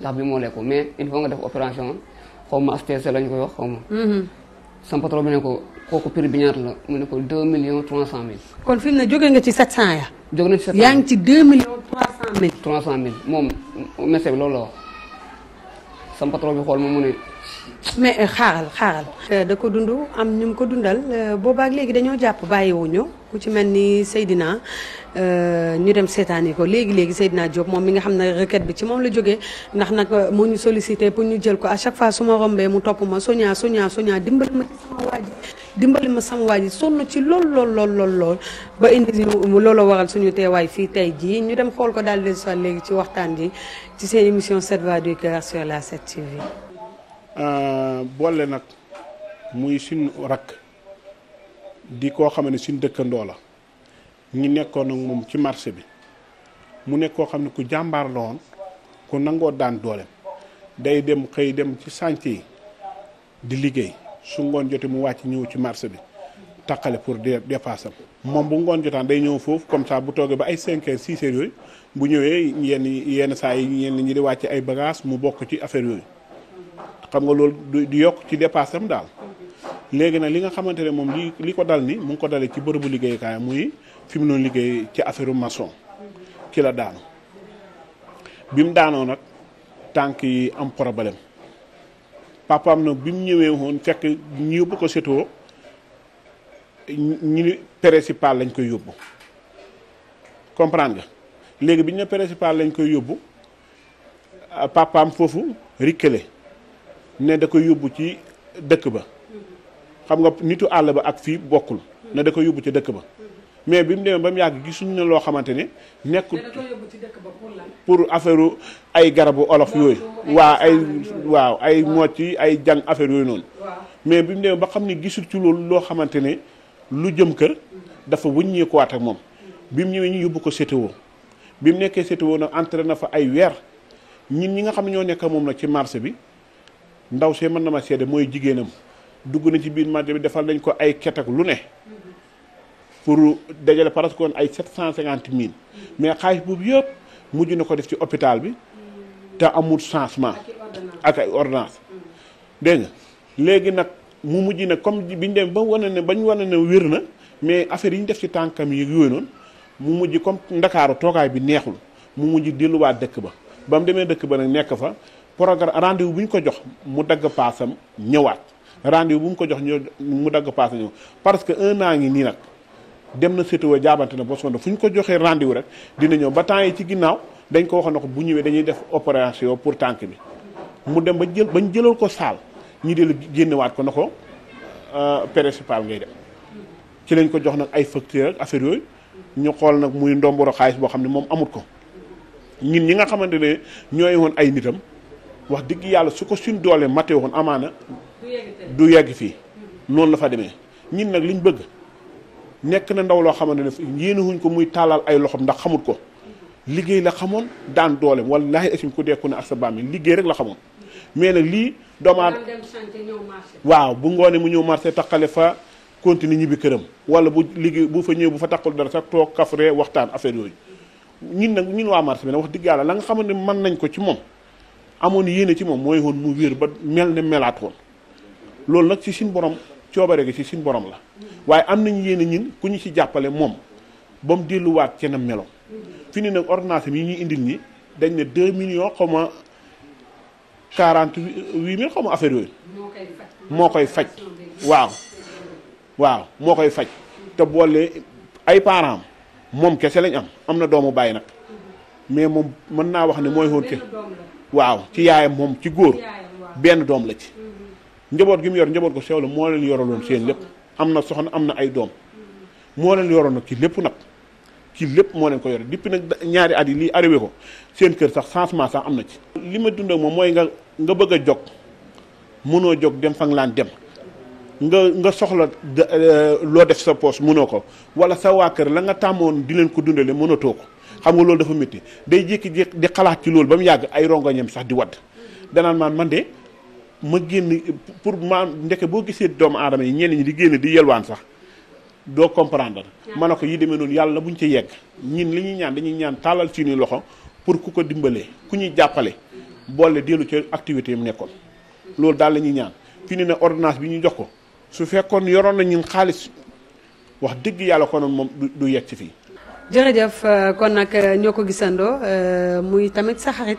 yax bi moo lekk mais il faut nga def opération xaw ma STC lañ ko wax xaw ma. Mhm. sama patron ne ko kooku prix bi ñaata la mu ne ko deux millions trois cent mille. kon fi ne cent mille mille moom messe bi loolu la wax sam bi xool ma mu ne mais euh, xaaral xaaral euh, da ko dund am ñu mu ko dundal euh, boobaak léegi dañoo jàpp bàyyiwuñu ku ci mel ni Seydina ñu dem seetaani ko léegi-léegi Seydina Diop moom mi nga xam ne requête bi ci moom la jógee ndax nag moo ñu sollicité pour ñu jël ko à chaque fois su ma rombee mu topp ma soña soña soña dimbal ma sama waa ji dimbali ma sama waa ji sonn ci lool lool lool lool lool ba indi loolu waral suñu teewaay fii tey jii ñu dem xool ko daal di soit léegi ci waxtaan ji ci seen émission 7 voix du cœur sur la 7 TV. Euh, boole nag muy suñu rakk di koo xam ne suñu dëkkandoo la ñu nekkoon ak moom ci marché bi mu nekk koo xam ne ku jàmbaar la woon ku nangoo daan dooleem day dem xëy dem ci chantier yi di liggéey. su ngoon jotee mu wàcc ñëw ci marché bi taqale pour dépasse am moom bu ngoon jotaan day ñëw foofu comme ça bu toogee ba ay 5 heures 6 yooyu bu ñëwee yenn yenn saa yi ñenn ñi di wàcc ay bagages mu bokk ci affaire yooyu xam nga loolu di yokk ci dépasse am daal. léegi nag li nga xamante ne moom li li ko dal ni mu ngi ko dalee ci bërëbu liggéey liggéeykaay muy fi mu doon liggéey ci affaire maçon ci la daanu bi mu daanoo nag tànk yi am problème. papaam nag bi mu ñëwee woon fekk ñu yóbbu ko setoo ñu ni principal lañ koy yóbbu comprendre nga léegi bi ñu ne principal lañ koy yóbbu papaam foofu rikkale ne da koy yóbbu ci dëkk ba xam nga nitu àll ba ak fii bokkul ne da koy yóbbu ci dëkk ba mais bi mu demee ba mu yàgg gisuñu ne loo xamante ne nekkul pour affaire ay garabu olof yooyu waa ay waaw ay mocc ci ay jang affaire yooyu noonu mais bi mu demee ba xam ne gisul ci loolu loo xamante ne lu jëm kër dafa wëññeekuwaat ak moom bi mu ñëwee ñu yóbbu ko CTO bi mu nekkee CTO nag entré na fa ay weer ñin ñi nga xam ne ñoo nekk moom nag ci marché bi ndaw see mën na ma seede mooy jigéenam dugg na ci biir marché bi defal nañ ko ay ket ak lu ne pour dajale parce que woon ay sept cent cinquante mille mais xaalis boobu yëpp mujj na ko def ci hôpital bi te amul changement ak ay ordonnance dégg nga léegi nag mu mujj nag comme bi biñ dem ba wane ne bañ wane ne wér na mais affaire yi ñu def ci tànkam yi yooyu noonu mu mujj comme ndakaaru toogaay bi neexul mu mujj delluwaat dëkk ba ba mu demee dëkk ba nag nekk fa programme rendez-vous bu ñu ko jox mu dagg paasam ñëwaat rendez bu mu ko jox mu dagg paasam ñëw parce que un ngi nii nag dem na sétuwa jaabante na bos na fu ñu ko joxee rendez-vous rek dina ñëw ba temps yi ci ginnaaw dañ ko waxoon na ko bu ñëwee dañuy def opération pour tànk bi mu dem ba jël bañ jëlal ko saal ñi dellu génnewaat ko na ko euh, principal ngay dem ci lañ ko jox nag ay facture ak yooyu ñu xool nag muy ndomboro xaalis boo xam ne moom amut ko ñun ñi nga xamante ne ñooy woon ay nitam wax dëgg yàlla su ko suñ doole mate woon amaana du yegg fii noonu la fa demee ñun nag liñ bëgg nekk na ndaw loo xamante ne yéenuwuñ ko muy tàllal ay loxom ndax xamut ko liggéey la xamoon daan dooleem wallaahi asim ku dekku ne ak sa baam yi liggéey rek la xamoon mais nag lii doomaa waaw bu ngoonee mu ñëw marché taqale fa continue ñibbi këram wala bu liggéey bu fa ñëw bu fa taqal dara sax toog kafre waxtaan affaire yooyu ñun nag ñun waa marché bi nag wax dëgg yàlla la nga xamante ne mën nañ ko ci moom amoon yéene ci moom mooy woon mu wér ba mel ne melaat woon loolu nag ci suñu borom coobare gi ci suñ borom la waaye am nañu yéen a ñin ku ñu ci jàppale moom ba mu delluwaat ca na melo fi ni yi ñuy indil ñi dañ ne deux millions xaw ma quarante huit mille xaw ma affaire yooyu moo koy faj waaw waaw moo koy faj te boole ay parents moom kese lañ am am na doomu bàyyi nag mais moom mën naa wax ne mooy woon ke waaw ci yaayam moom ci góor benn doom la ci njaboot gi mu yor njaboot ko sew moo leen yoraloon seen lépp am na soxna am na ay doom moo leen yoroon nag ci lépp nag ci lépp moo leen ko yor depuis nag ñaari at yi lii arrivé ko seen kër sax changement sax am na ci. li ma dund moom mooy nga nga bëgg a jog mënoo jog dem fa laan dem nga nga soxla euh, loo def sa poche mënoo ko wala sa waa kër la nga tàmmoon di leen ko dundale mënatoo ko xam nga loolu dafa métti day jékki-jékki di xalaat ci loolu ba mu yàgg ay rongoñam sax di wadd danaan maan man de. ma génn pour ma ndeke boo gisee doomu aadama yi ñenn ñi di génn di yëlwaan sax doo comprendre ma ne ko yi demee noonu yàlla bu ñu ci yegg ñin li ñuy ñaan dañuy ñaan tàllal ci ñu loxo pour ku ko dimbalee ku ñuy jàppale boole dellu ci activité yam nekkoon loolu daal la ñuy ñaan fi ne ne ordonnance bi ñu jox ko su fekkoon yoroon na ñun xaalis wax dëgg yàlla konoon moom du yegg ci fii jërëjëf kon nag ñoo ko gisandoo euh, muy tamit sa xarit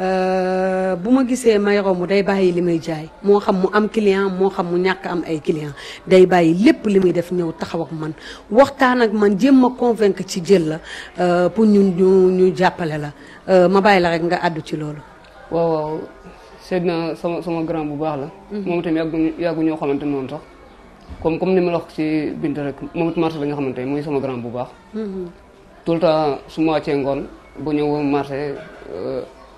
Euh, bu ma gisee may mu day bàyyi li may jaay moo xam mu am client moo xam mu ñàkk am ay client day bàyyi lépp li muy def ñëw taxaw man waxtaan ak man jéem ma convaincre ci jël la euh, pour ñun ñu ñu jàppale la euh, ma bàyyi la rek nga àddu ci loolu. waaw waaw Seydina sama sama grand bu baax la. Mhm. moom itam yàgguñu ñoo xamante noonu sax. comme comme ni ma la wax ci bint it marché la xamante ne muy sama grand bu baax. Mhm. tout temps su ma wàccee ngoon ba ñëw marché.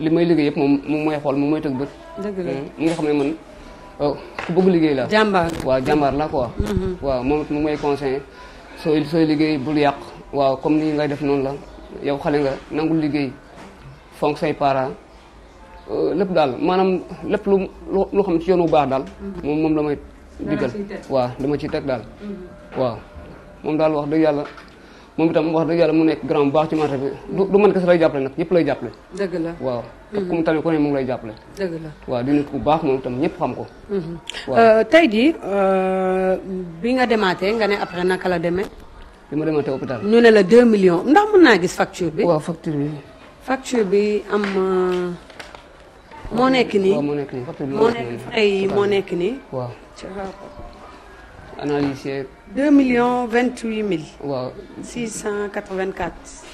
li may liggéey yëpp moom moom mooy xool moom mooy tëgg bët. dëgg mm-hmm. nga xam ne man oh, ku bëgg liggéey la jàmbaar waaw jàmbaar la quoi. Mm-hmm. waaw moom it mu may conseillé sooy sooy liggéey bul yàq waaw comme ni ngay def noonu la yow xale nga nangul liggéey fonk say parents euh, lépp daal maanaam lépp lu lu xam ci yoon bu baax daal. Mm-hmm. moom moom la may digal waaw dama ciy teg daal. waaw moom daal wax dëgg yàlla. moom itam wax dëgg mu nekk grand bu baax ci marché bi du man kese lay jàppale nag ñëpp lay jàppale dëgg la waaw mhm. ku mu lay jàppale dëgg la waaw di nit ku baax moom itam ñëpp xam ko mhm. waaw euh, tey jii euh, bi nga demaate nga ne après naka la demee bi ma demaatee hôpital ñu ne la deux millions ndax mën naa gis facture bi waaw facture bi facture am moo nekk nii moo nekk moo nekk nii waaw analyse deux millions vingt huit mille. waaw six cent quatre vingt quatre.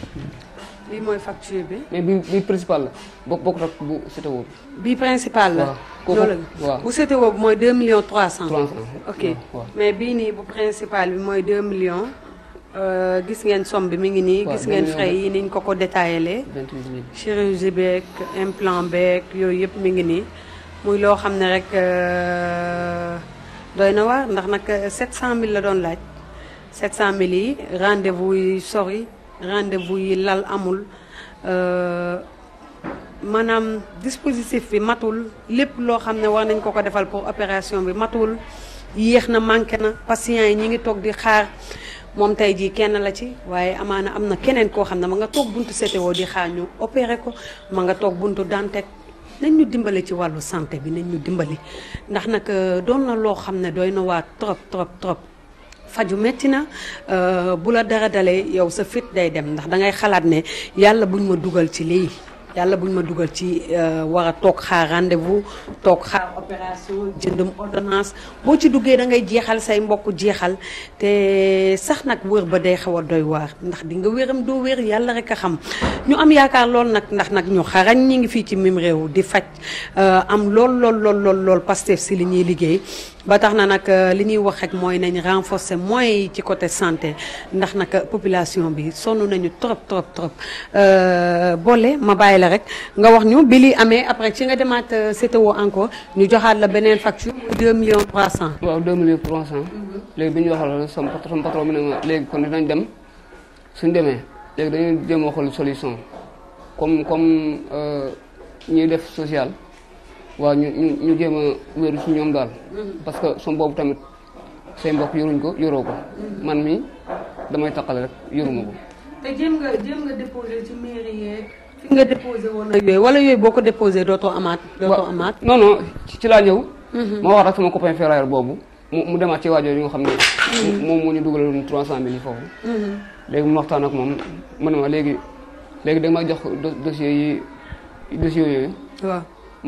lii mooy facture bi. mais bi bi principal la bokk bokk ak bu CTO bi. bii principal la. loolu la bu CTO bi mooy deux millions trois cent. trois cent ok mais bii nii bu bi mooy deux millions. Euh, gis ngeen somme bi mi ngi nii. gis ngeen frais yi niñ ko ko détaillé. vingt huit mille chirurgie beeg implant beeg yooyu yëpp mi ngi nii muy loo xam ne rek. Euh, doy na waar ndax nag 700000 euh, la doon laaj 700000 yi rendez-vous yi sori rendez yi lal amul euh, maanaam dispositif bi matul lépp loo xam ne war nañ ko ko defal pour opération bi matul yéex na manqué na patients yi ñi ngi toog di xaar moom tey jii kenn la ci waaye amaana am na keneen koo xam ne ma nga toog buntu CTO di xaar ñu opéré ko ma nga toog buntu Dantec nañ ñu dimbale ci wàllu santé bi nañ ñu dimbali ndax nag euh, doon na loo xam ne dooy na waa trop trop trop faju metti na euh, bu la dara dalee yow sa fit day dem ndax dangay xalaat ne yàlla buñ ma dugal ci lii yàlla bu ñu ma dugal ci euh, war a toog xaar rendez-vous toog xaar opération jëndum ordonnance boo ci duggee da ngay jeexal say mbokk jeexal te sax nag wër ba day xaw a doy waar ndax di nga wéram doo wér yàlla rek a xam ñu am yaakaar lool nag ndax nag ñu xarañ ñi ngi fii ci mim réew di faj euh, am lool lool lool lool lool Pastef si li ñuy liggéey ba tax na nag euh, li ñuy wax rek mooy nañ renforcer moyens yi ci côté santé ndax nag population bi sonn nañu trop trop trop euh, boole ma bàyyi la rek nga wax ñu bi li amee après ci nga demaat euh, CTO encore ñu joxaat la beneen facture 2 millions 300. waaw 2 millions 300. Mhm. léegi bi ñu waxal sama patron patron bi ne ma léegi kon dinañ dem suñ demee léegi dañuy jéem a xool solution comme comme ñuy def social. waaw ñu ñu ñu jéem a wéeru ñoom daal. Mm-hmm. parce que som boobu tamit say mbokk yoruñ ko yoroo ko. Mm-hmm. man mi damay taqale rek yoruma ko. te jéem nga jéem nga déposé ci yooyu wala boo ko déposé dooto amaat. dootoo amaat non non ci laa ñëw. Mm-hmm. ma wax rek sama copain ferrailleur boobu mu mu demaat ci waajur yi nga xam ne. moom moo ñu dugaloon trois cent mille yi foofu. léegi mu waxtaan ak moom mu ne ma léegi léegi da may jox dossier yi dossier yooyu.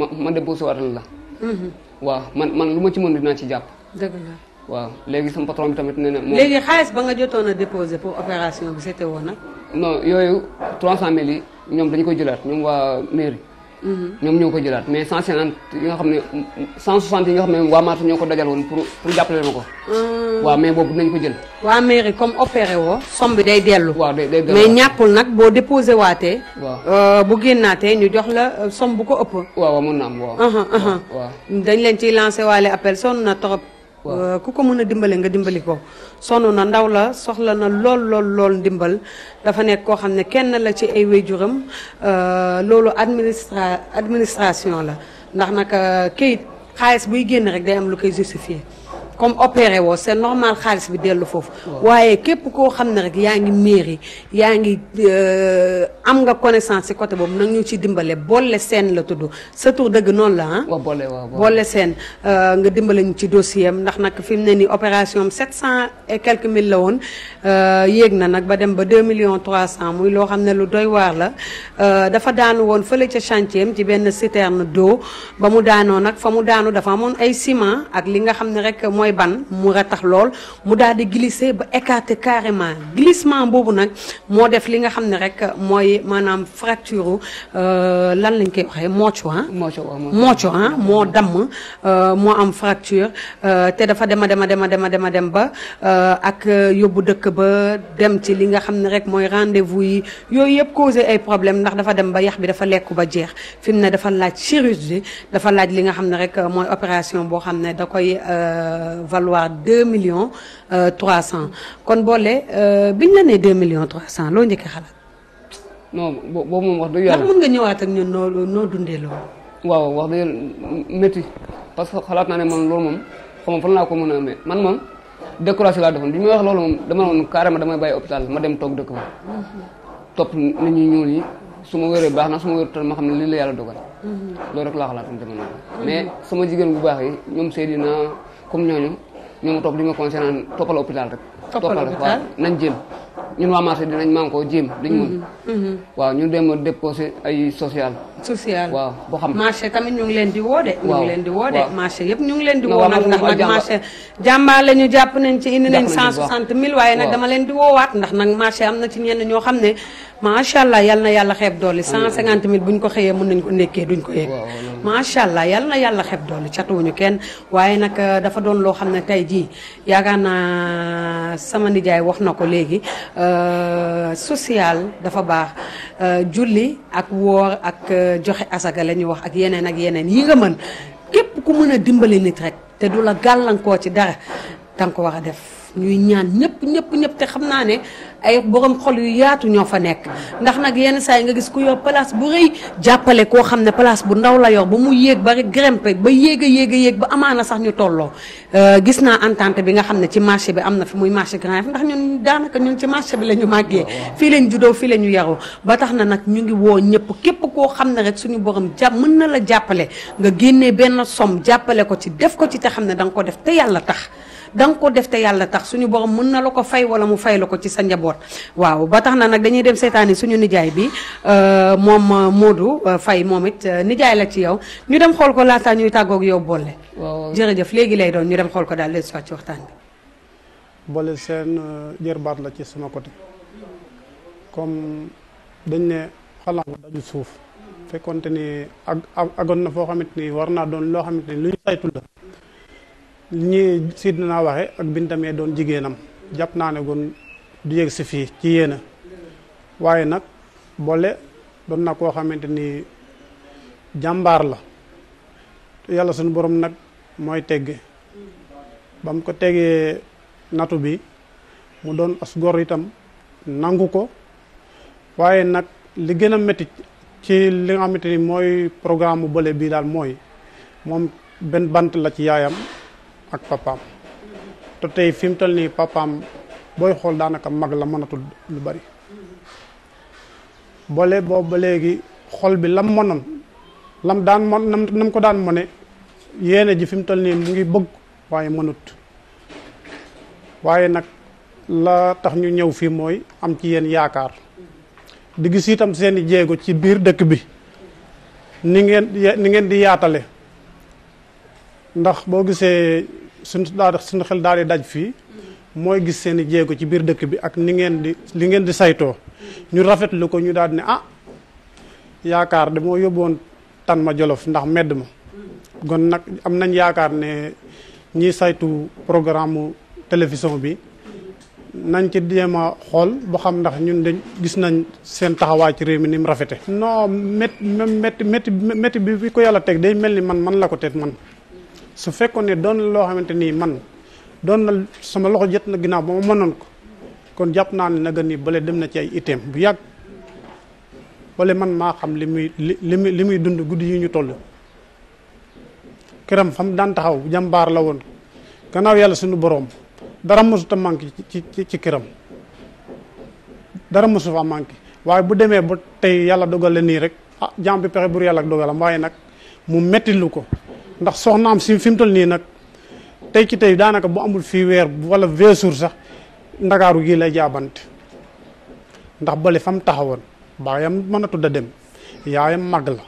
ma man de boosu waral la. Mhm. waaw man man lu ma ci mën dinaa ci jàpp. dëgg la waaw léegi sama patron bi tamit nee na. léegi xaalis ba nga jotoon a déposé pour opération bi c'était woon nag. non yooyu 300000 yi ñoom dañu koy jëlaat ñoom waa mairie. Mm-hmm. ñoom ñoo ko jëlaat mais cent cinquante yi nga xam ne cent soixante yi nga xam ne waa Marse ñoo ko dajal woon pour pour ma ko ah. mais boobu dinañ ko jël waa mairie comme opéré woo somme bi day dellu waaw day dellu mais ñàkkul nag boo déposé waatee waaw euh, bu génnaatee ñu jox la euh, somme bu ko ëpp waaw waaw mën na am waaw waaw dañ leen ciy lancé waale appel sonn na trop Euh, ku ko mun a dimbale nga dimbali ko sonn na ndaw la soxla na lool lool lool ndimbal dafa nekk koo xam ne kenn la ci ay waajuram euh, loolu administra administration la ndax nag euh, kayit xaalis buy génn rek day am lu koy justifier comme opéré woo c'est normal xaalis bi dellu foofu. waaye képp koo xam ne rek yaa ngi mairie yaa ngi euh, am nga connaissance ci boobu nag ñu ci dimbale boole seen la tudd sa tur dëgg noonu la ah. boole boole seen nga dimbale ñu ci dossier ndax nag fi mu ne nii opération am 700 et quelques mille la woon euh, yéeg na nag ba dem ba million trois 300 muy loo xam ne lu doy waar la euh, dafa daanu woon fële ca chantier am ci benn citerne d'eau ba mu daanoo nag fa mu daanu dafa amoon ay ciment ak li nga xam ne rek mooy. koy ban mu ratax lool mu daal di glisser ba écarter carrément glissement boobu nag moo def li nga xam ne rek mooy maanaam fracture euh, lan lañ koy waxee mooco ah. mooco ah moo damm euh, moo am fracture euh, te dafa dema dema dema dema dema dem ba ak yóbbu dëkk ba dem ci li nga xam ne rek mooy rendez-vous yi yooyu yëpp causé ay problème ndax dafa dem ba yax bi dafa lekku ba jeex fi ne dafa laaj chirurgie dafa laaj li nga xam ne rek mooy opération boo xam ne da koy valoir deux millions euh, trois cent kon boole euh, bi ñu la nee deux millions trois cent loo njëkk xalaat. non boobu moom wax dëgg yàlla. ndax mën nga ñëwaat ak ñun noo dundee loolu. waaw wax dëgg yàlla métti parce que xalaat naa ne man loolu moom xam nga ko mën a amee man moom décoration laa defoon bi wax loolu moom dama woon carrément damay bàyyi hôpital ma dem toog dëkk ba. topp nit ñi ñuul yi su ma wéree baax na su ma wéree tal ma xam ne lii la yàlla dogal. Mhm. loolu rek laa xalaat moom jamono mhm. mais sama jigéen bu baax yi ñoom Seydina. comme ñooñu ñoo ma toog li ma conseillé naan toppal hôpital toppal hôpital ñun waa marché dinañ man koo jéem liñ mun mm-hmm. Mm-hmm. waaw ñu dem a déposé social social waaw boo xam marché tamit ñu ngi leen di woo de ñu leen di woo de marché yëpp ñu leen di woo nag ndax nag marché jàmbaar la jàpp nañ ci indi nañ cent soixante mille waaye nag dama leen di woowaat ndax nag marché am na ci ñenn ñoo xam ne macha allah yal na yàlla xeeb doole cent cinquante mille buñ ko xëyee mun nañ ko nekkee duñ ko yëg macha allah yal na yàlla xeeb doole ñu kenn waaye nag euh, dafa doon loo xam ne tey jii yaakaar naa sama nijaay wax na ko léegi Euh, social dafa baax euh, julli ak woor ak euh, joxe asaga la ñuy wax ak yeneen ak yeneen yi nga mën képp ku mën a dimbali nit rek te du la gàllankoo ci dara danga ko war a def ñuy ñaan ñëpp ñëpp ñëpp te xam naa ne ay borom xol yu yaatu ñoo fa nekk ndax nag yenn saa yi nga gis ku yor place bu rëy jàppale koo xam ne place bu ndaw la yor ba mu yéeg ba grimpé ba yéeg a yéeg a yéeg ba amaana sax ñu tolloo euh, gis naa entente bi nga xam ne ci marché bi am na fi muy marché Grand ndax ñun daanaka ñun ci marché bi la ñu màggee ah, fii lañ juddoo fii la ñu yaroo ba tax na nag ñu ngi woo ñëpp képp koo xam ne rek suñu borom jàpp mën na la jàppale nga génnee benn somme jàppale ko ci def ko ci te xam ne danga ko def te yàlla tax da nga ko def te yàlla tax suñu borom mën na la ko fay wala mu fay la ko ci sa njaboot waaw ba tax na nag dañuy dem seetaani suñu nijaay bi euh, moom euh, Modou euh, Faye moom it nijaay la ci yow ñu dem xool ko laata ñuy tàggook yow boole. waaw jërëjëf léegi lay doon ñu dem xool ko daal leen si ci waxtaan bi. boole seen jërbaat la ci sama côté comme dañ ne xalaat daju suuf. fekkonte ni ak agoon na foo xamante ni war naa doon loo xamante ni lu ñu saytu la ñi siit naa waxe ak bintamee doon jigéenam jàpp naa ne gon du yég si fii ci yéen waaye nag boole doon nag koo xamante ni jàmbaar la yàlla suñu borom nag mooy tegge ba ko tegee natu bi mu doon as gor itam nangu ko waaye nag li gën a metit ci li nga xamante ni mooy programme mu bële bii daal mooy moom benn bant la ci yaayam ak papaam te tey fi mu toll nii papaam booy xool daanaka mag la mënatul lu bari boole boobu ba léegi xol bi lam mënoon lam daan mon nam ko daan mone yéene ji fi mu toll nii mu ngi bëgg waaye mënut waaye nag la tax ñu ñëw fii mooy am ci yéen yaakaar di gis itam seeni jéego ci biir dëkk bi ni ngeen ni ngeen di yaatale ndax boo gisee suñ daal suñu xel daal di daj fii mooy gis seen i jéego ci biir dëkk bi ak ni ngeen di li ngeen di saytoo ñu rafetlu ko ñu daal di ne ah yaakaar de moo yóbboon tan ma jolof ndax medd ma kon nag am nañ yaakaar ne ñiy saytu programme mu télévision bi nañ ci jéem xool boo xam ndax ñun dañ gis nañ seen taxawaa ci réew mi ni mu rafete non métti métti métti métti bi ko yàlla teg day mel ni man man la ko teg man su fekkoon ne doon na loo xamante nii man doon na sama loxo jet na ginaaw ba ma mënoon ko kon jàpp naa ne naga nii bale dem na ci ay item bu yàgg wala man maa xam li muy li muy li muy dund guddi yu ñu toll këram xam daan taxaw jàmbaar la woon gannaaw yàlla suñu boroom dara mosuta manqué ci ci ci këram dara mosu fa manqué waaye bu demee bu tey yàlla dogale nii rek ah jàmm bi pexe bur yàlla ak dogalam waaye nag mu mettilu ko ndax soxnaam si fi nii nag tey ci tey daanaka bu amul fii weer wala weesuur sax ndakaaru gii lay jaabante ndax bale fam mu taxawoon baayam mën a tudd dem yaayam mag la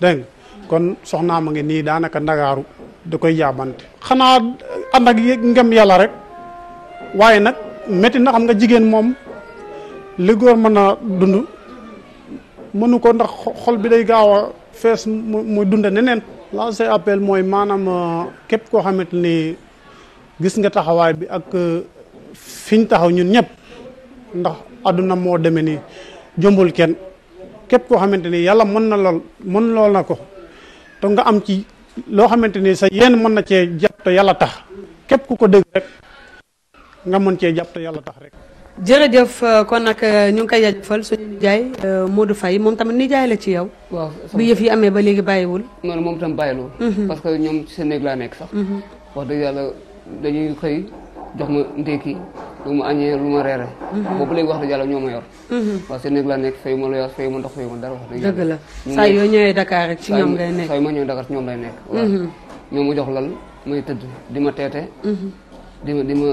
dégg kon soxnaam a ngi nii daanaka ndakaaru da koy jaabante xanaa ànd ak ngem yàlla rek waaye nag métti na xam nga jigéen moom li góor mën a dund mënu ko ndax xol bi day gaaw fees mu muy dunde neneen la say appel mooy maanaam euh, képp koo xamante ni gis nga taxawaay bi ak euh, fi ñu taxaw ñun ñëpp ndax àdduna moo demee ni jombul kenn képp koo xamante ni yàlla mën na lool mën lool na ko te nga am ci loo xamante ni sax yenn mën na cee jàpp te yàlla tax képp ku ko dégg rek nga mën cee jàpp te yàlla tax rek jërëjëf euh, kon nag euh, ñu ngi koy jaajëfal suñu nijaay euh, Modou Faye moom tamit nijaay la ci yow. waaw bi yëf yi amee ba léegi bàyyiwul. noonu moom tam bàyyiwul. Mhm. parce que ñoom ci seen néeg laa nekk sax. Mhm. wax dëgg yàlla dañuy xëy jox ma ma añee lu ma reere. Mhm. boobu léegi la saa yoo ñëwee Dakar rek ci ñoom ngay nekk saa yoo ñëwee Dakar ci ñoom lay nekk. waaw ma jox lal may tëdd di ma teete. di ma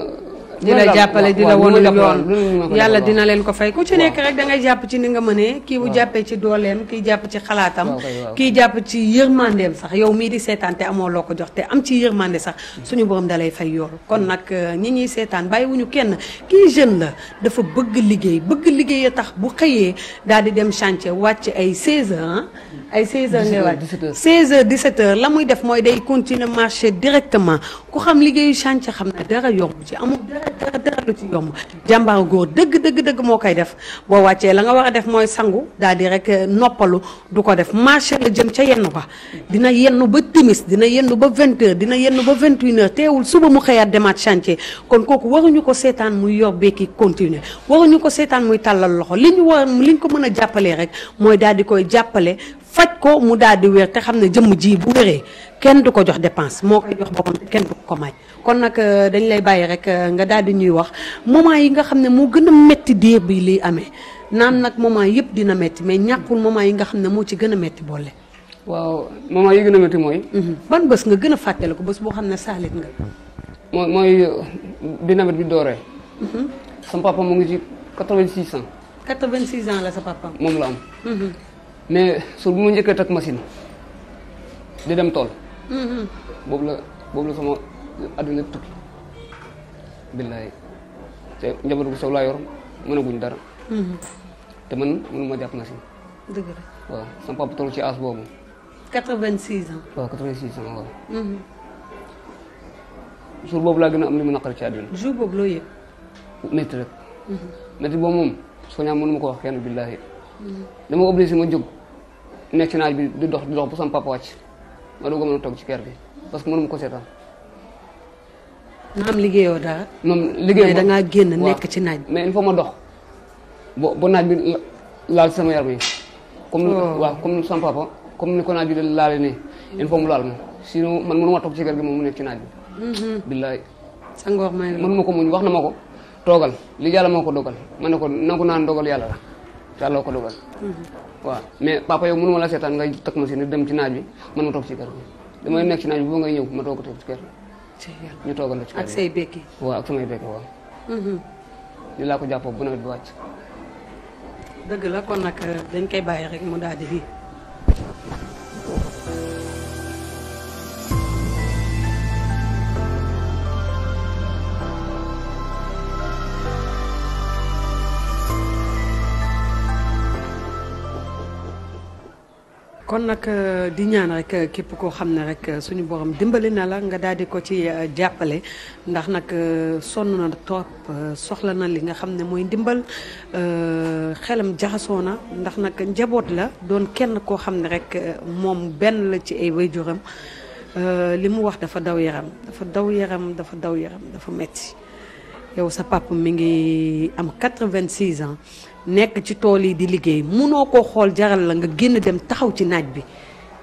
di la jàppale di la won yoon yàlla dina leen ko fay ku ci nekk rek da ngay jàpp ci ni nga mënee kii bu jàppee ci dooleem kii jàpp ci xalaatam kii jàpp ci yërmandeem sax yow mii di seetaan te amoo loo ko jox te am ci yërmande sax suñu borom dalay fay yoon kon nag hmm. euh, ñi ñuy seetaan ñu kenn kii jeune la dafa bëgg liggéey bëgg liggéey a tax bu xëyee daal di dem chantier wàcc ay 16 heures ay 16 heures ngay wàcc 16 heures 17 heures la muy def mooy day continuer marché directement ku xam liggéeyu chantier xam na dara yomb ci amul dara dara lu ci yomb jàmbaar góor dëgg dëgg dëgg moo koy def boo wàccee la nga war a def mooy sangu daal di rek euh, noppalu du ko def marché la jëm ca yenn ko dina yenn ba timis dina yenn ba 20 dina yenn ba 21 heures teewul suba mu xëyaat demaat chantier kon kooku waruñu ko seetaan muy yor beeki continuer waruñu ko seetaan muy tàllal loxo li ñu war li ñu ko mën a jàppalee rek mooy daal di koy jàppale faj ko mu daal di wér te xam ne jëmm ji bu wéree kenn du ko jox dépense moo koy jox boppam kenn du ko may kon nag euh, dañ lay bàyyi rek euh, nga daal di ñuy wax moment yi nga xam ne moo gën a métti dee bi lii amee naan nag moment yëpp dina métti mais ñàkkul moment yi nga xam ne moo ci gën a métti boole. waaw moment yi gën a métti mooy. Mhm. ban bés nga gën a fàttale ko bés boo xam ne saalit nga. mooy mooy euh, bi nawet bi dooree. Mhm. sa papa mu ngi ci 86 ans. 86 ans la sa papa. moom la am. Mhm. mais su bu ma njëkkee takk dem tool. boobu la boobu la sama adduna tukki billaay te njaboot bu sow laa yor mënaguñ dara te man mënu ma jàpp machine dëgg la waaw sama papa ci as boobu quatre-vingt-six ans waaw mhm. boobu laa gën a am li ma naqari ci àdduna jour boobu loo yëg métti rek métti mhm. boobu moom soñaa mënu ma ko wax kenn billaahi mhm. dama obligé ma jóg nekk ci naaj bi di dox di dox bu ma doog a mën toog ci ker gi parce que mënuma ko seetaan. naam liggéeyoo dara. moom liggéey da ngaa génn nekk ci naaj. mais ma dox bo ba naaj bi laal sama yaram yi. comme ni oh. waaw comme ni sama papa comme ni mu laal ma sinon man mënuma toog ci kër gi moom mu nekk ci naaj bi. Mm-hmm. billaay. sa ngoor may mënuma ko muñ wax na ma ko toogal li yàlla moo ko dogal ma ne ko nangu naa dogal yàlla la. yàlla ko dogal. waaw mais papa yow mënu ma la seetaan ngay takk ma si ne dem ci naaj bi man ma toog si kër gi damay nekk ci naaj bi boo ngay ñëw ma toog toog ci kër ñu toogal la ci kër ak say bekki. waaw ak samay bekki waaw. li mhm. laa ko jàppoo bu nawet bi wàcc. dëgg la kon nag dañ koy bàyyi rek mu daal di kon nag euh, di ñaan rek euh, képp koo xam ne rek euh, suñu borom dimbali na la nga daal di ko ci jàppale ndax nag sonn na trop soxla na li nga xam ne mooy ndimbal xelam jaxasoo na ndax nag njaboot la doon kenn koo xam ne rek moom benn la ci ay waajuram li mu wax dafa daw yaram dafa daw yaram dafa daw yaram dafa metti yow sa papa mi ngi am vingt 86 ans. nekk ci tool yi di liggéey munoo koo xool jaral la nga génn dem taxaw ci naaj bi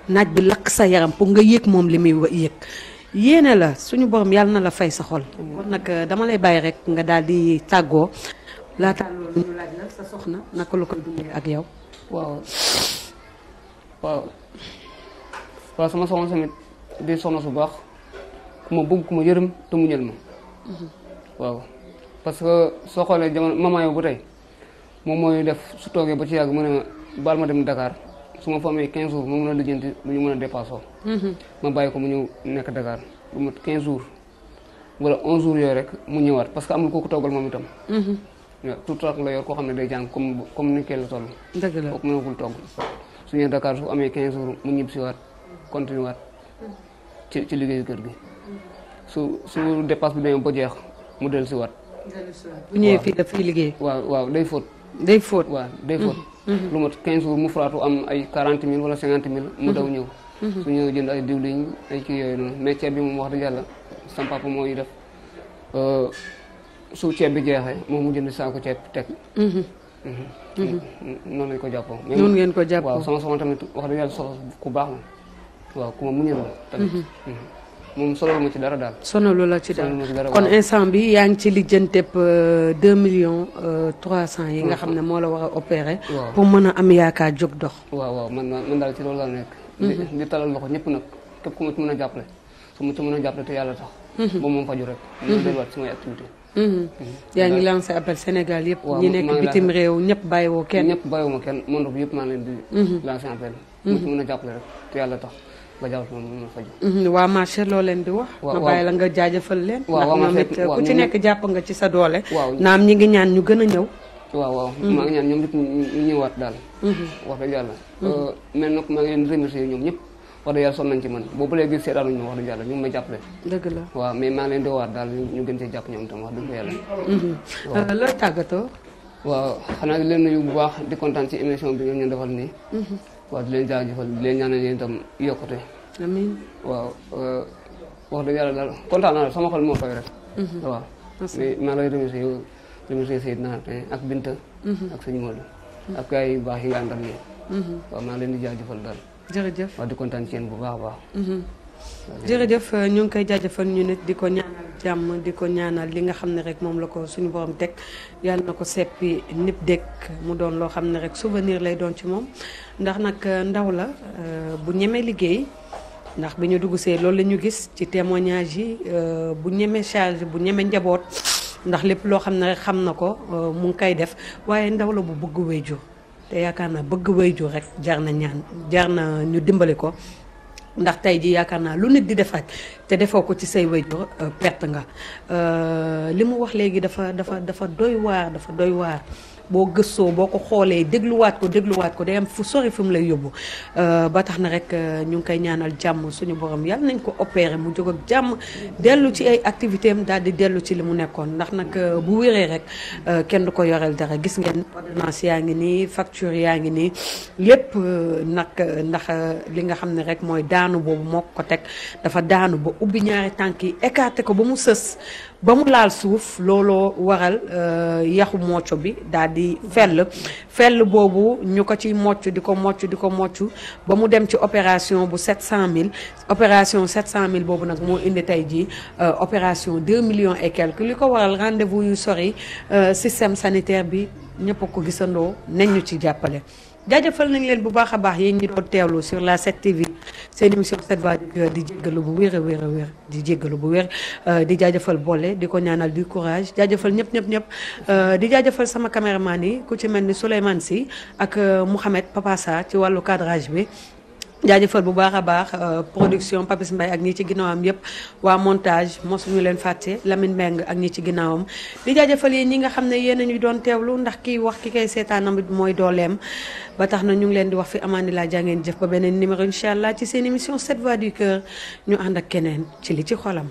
naaj bi lakk sa yaram pour nga yëg moom li muy yëg yéene la suñu borom yàlla na la fay sa xol. kon nag euh, dama lay bàyyi rek nga daal di tàggoo laataan soxna naka la ak yow. waaw waaw waaw sama soxna su baax ku ma bëgg ku ma yërëm te mu ma. Mhm. waaw parce que soo xoolee jamono mamaayoo bu tey. moom mooy def su toogee ba ci yàgg mu ne ma baal ma dem Dakar su ma fa amee 15 jours ma mën a lijjanti a dépassé. Mhm. ma mu ñëw nekk Dakar lu mat 15 jours wala 11 jours yooyu rek mu ñëwaat parce que amul kooku toggal moom itam. Mhm. waaw tout à la yor koo xam ne day jàng comme comme la toll. su ñëwee Dakar su amee 15 jours mu ñibbisiwaat continué waat ci ci liggéeyu kër gi. su su dépasse bi demee ba jeex mu dellusiwaat. dellusiwaat bu fii daf waaw waaw day fóot. day fóot waaw day fóot. Mm-hmm. Mm-hmm. lu mat 15 jours mu furaatu am ay 40 mille wala 50 mille. mu daw mm-hmm. ñëw. su ñëw jënd ay diwlin ay kii yooyu noonu mais ceeb bi moom wax dëgg yàlla sama papa moo ñu def euh, su bi jeexee moom mu jënd saako ceeb teg. noonu lañ ko jàppoo. noonu ngeen ko jàppoo waaw sama soxna tamit wax dëgg yàlla soxna ku baax la waaw ku ma muñal la moom sonal ma ci dara daal. sonalu la ci dara kon instant bi yaa ngi ci lijjanteb 2 euh, millions 300 euh, yi nga mm-hmm. xam ne moo la war a opéré. pour mën a am yaakaar jóg dox. waaw waaw man daal ci loolu nekk. di mm-hmm. talal loxo ñëpp nag képp ku ma ci mën a jàppale su ma ci mën a jàppale te yàlla tax. ba mm-hmm. moom faju rek. mu delluwaat ci may activité. yaa ngi lancé appel Sénégal yëpp. ñi nekk bitim réew ñëpp bàyyiwoo kenn. ñëpp bàyyiwuma kenn monde bi yëpp maa ngi leen di. lancé appel. mu ci mën a jàppale rek te yàlla tax. ba jaww moom moom faju mhm, waa marché di wax ma bàyyi la nga jaajëfal leen ndax ñoom it ku ci nekk jàpp nga ci sa doole naam ñi ngi ñaan ñu gën a ñëw waaw waaw mhm. maa ngi ñaan ñoom it ñu ñëwaat daal mhm. wax dëgg yàlla mais nag maa ngi leen remercier man boobu léegi seetaanuñ ma wax la waaw mais maa ngi leen di waat daal ñu gën cee jàpp ñoom itam wax dëgg yàlla euh, la tàggatoo waaw xanaa leen nuyu bu baax di kontaan ci émission bi ngeen ñu defal nii waaw di leen jaajëfal di leen ñaanal yéen itam yokkute. amiin waaw euh, wax dëgg yàlla daal kontaan naa sama xol moo fay rek. Mhm. waaw mais maa lay remercier yow remercier Seydina ak Binta. Mhm. ak sëñ Modou. ak gars yu baax yi nga àndal yéen. Mhm. waaw maa leen di jaajëfal daal. jërëjëf waaw di kontaan ci bu baax a baax. jërëjëf euh, ñu ngi koy jaajëfal ñu nit di ko ñaanal jàmm di ko ñaanal li nga xam ne rek moom la ko suñu borom teg yàlla na ko seppi nip dëkk mu doon loo xam ne rek souvenir lay doon ci moom ndax nag euh, ndaw la euh, bu ñemee liggéey ndax bi ñu dugg see loolu la ñu gis ci témoignage yi bu ñemee charge bu ñemee njaboot ndax lépp loo xam ne rek xam na ko mu ngi koy def waaye ndaw la bu bëgg wéyju te yaakaar naa bëgg wéyju rek jar na ñaan jar na ñu dimbali ko ndax tey ji yaakaar naa lu nit di defaat te defoo ko ci say waajur euh, perte nga euh, li mu wax léegi dafa dafa dafa doy waar dafa doy waar boo gëstoo boo ko xoolee dégluwaat ko dégluwaat ko day am fu sori fu mu lay yóbbu euh, ba tax na rek euh, ñu ngi koy ñaanal jàmm suñu borom yàlla nañ ko opéré mu jóg jàmm dellu ci ay activité am daal di dellu ci li mu nekkoon ndax nag euh, bu wéree rek kenn du ko yoreel dara gis ngeen yaa ngi nii facture yaa ngi nii lépp nag ndax li nga xam ne rek mooy daanu boobu moo ko teg dafa daanu ba ubbi ñaari tànk yi écarté ko ba mu sës ba mu laal suuf looloo waral euh, yaxu mocc bi daal di fell fell boobu ñu ko ci mocc di ko mocc di ko mocc ba mu dem ci opération bu 700000 opération mille boobu nag moo indi tey jii euh, opération deux millions et quelques li ko waral rendez-vous yu sori euh, système sanitaire bi ñëpp ko gisandoo nañ ñu ci jàppale. jaajëfal nañ leen bu baax a baax yéen ñi doon teewlu sur la 7TV seen émission 7 voix du di jéggalu bu wér a wér a wér di jéggalu bu wér euh, di jaajafal boole di ko ñaanal du courage jaajëfal ñëpp ñëpp ñëpp euh, di jaajafal sama caméraman yi ku ci mel ni Souleymane si ak euh, Mouhamed Papa ci wàllu cadrage bi jaajëfal bu baax a baax euh, production Papis Mbaye ak ñii ci ginnaawam yëpp waa montage mosuñu leen fàtte Lamine Mbengue ak ñii ci ginnaawam di jaajëfal yéen ñi nga xam ne yéen a ñu doon teewlu ndax kiy wax ki koy seetaanam mooy dooleem ba tax na ñu ngi leen di wax fi amaani laa jàngeen jëf ba beneen numéro incha allah ci seen émission 7 voix du ñu ànd ak keneen ci li ci xolam.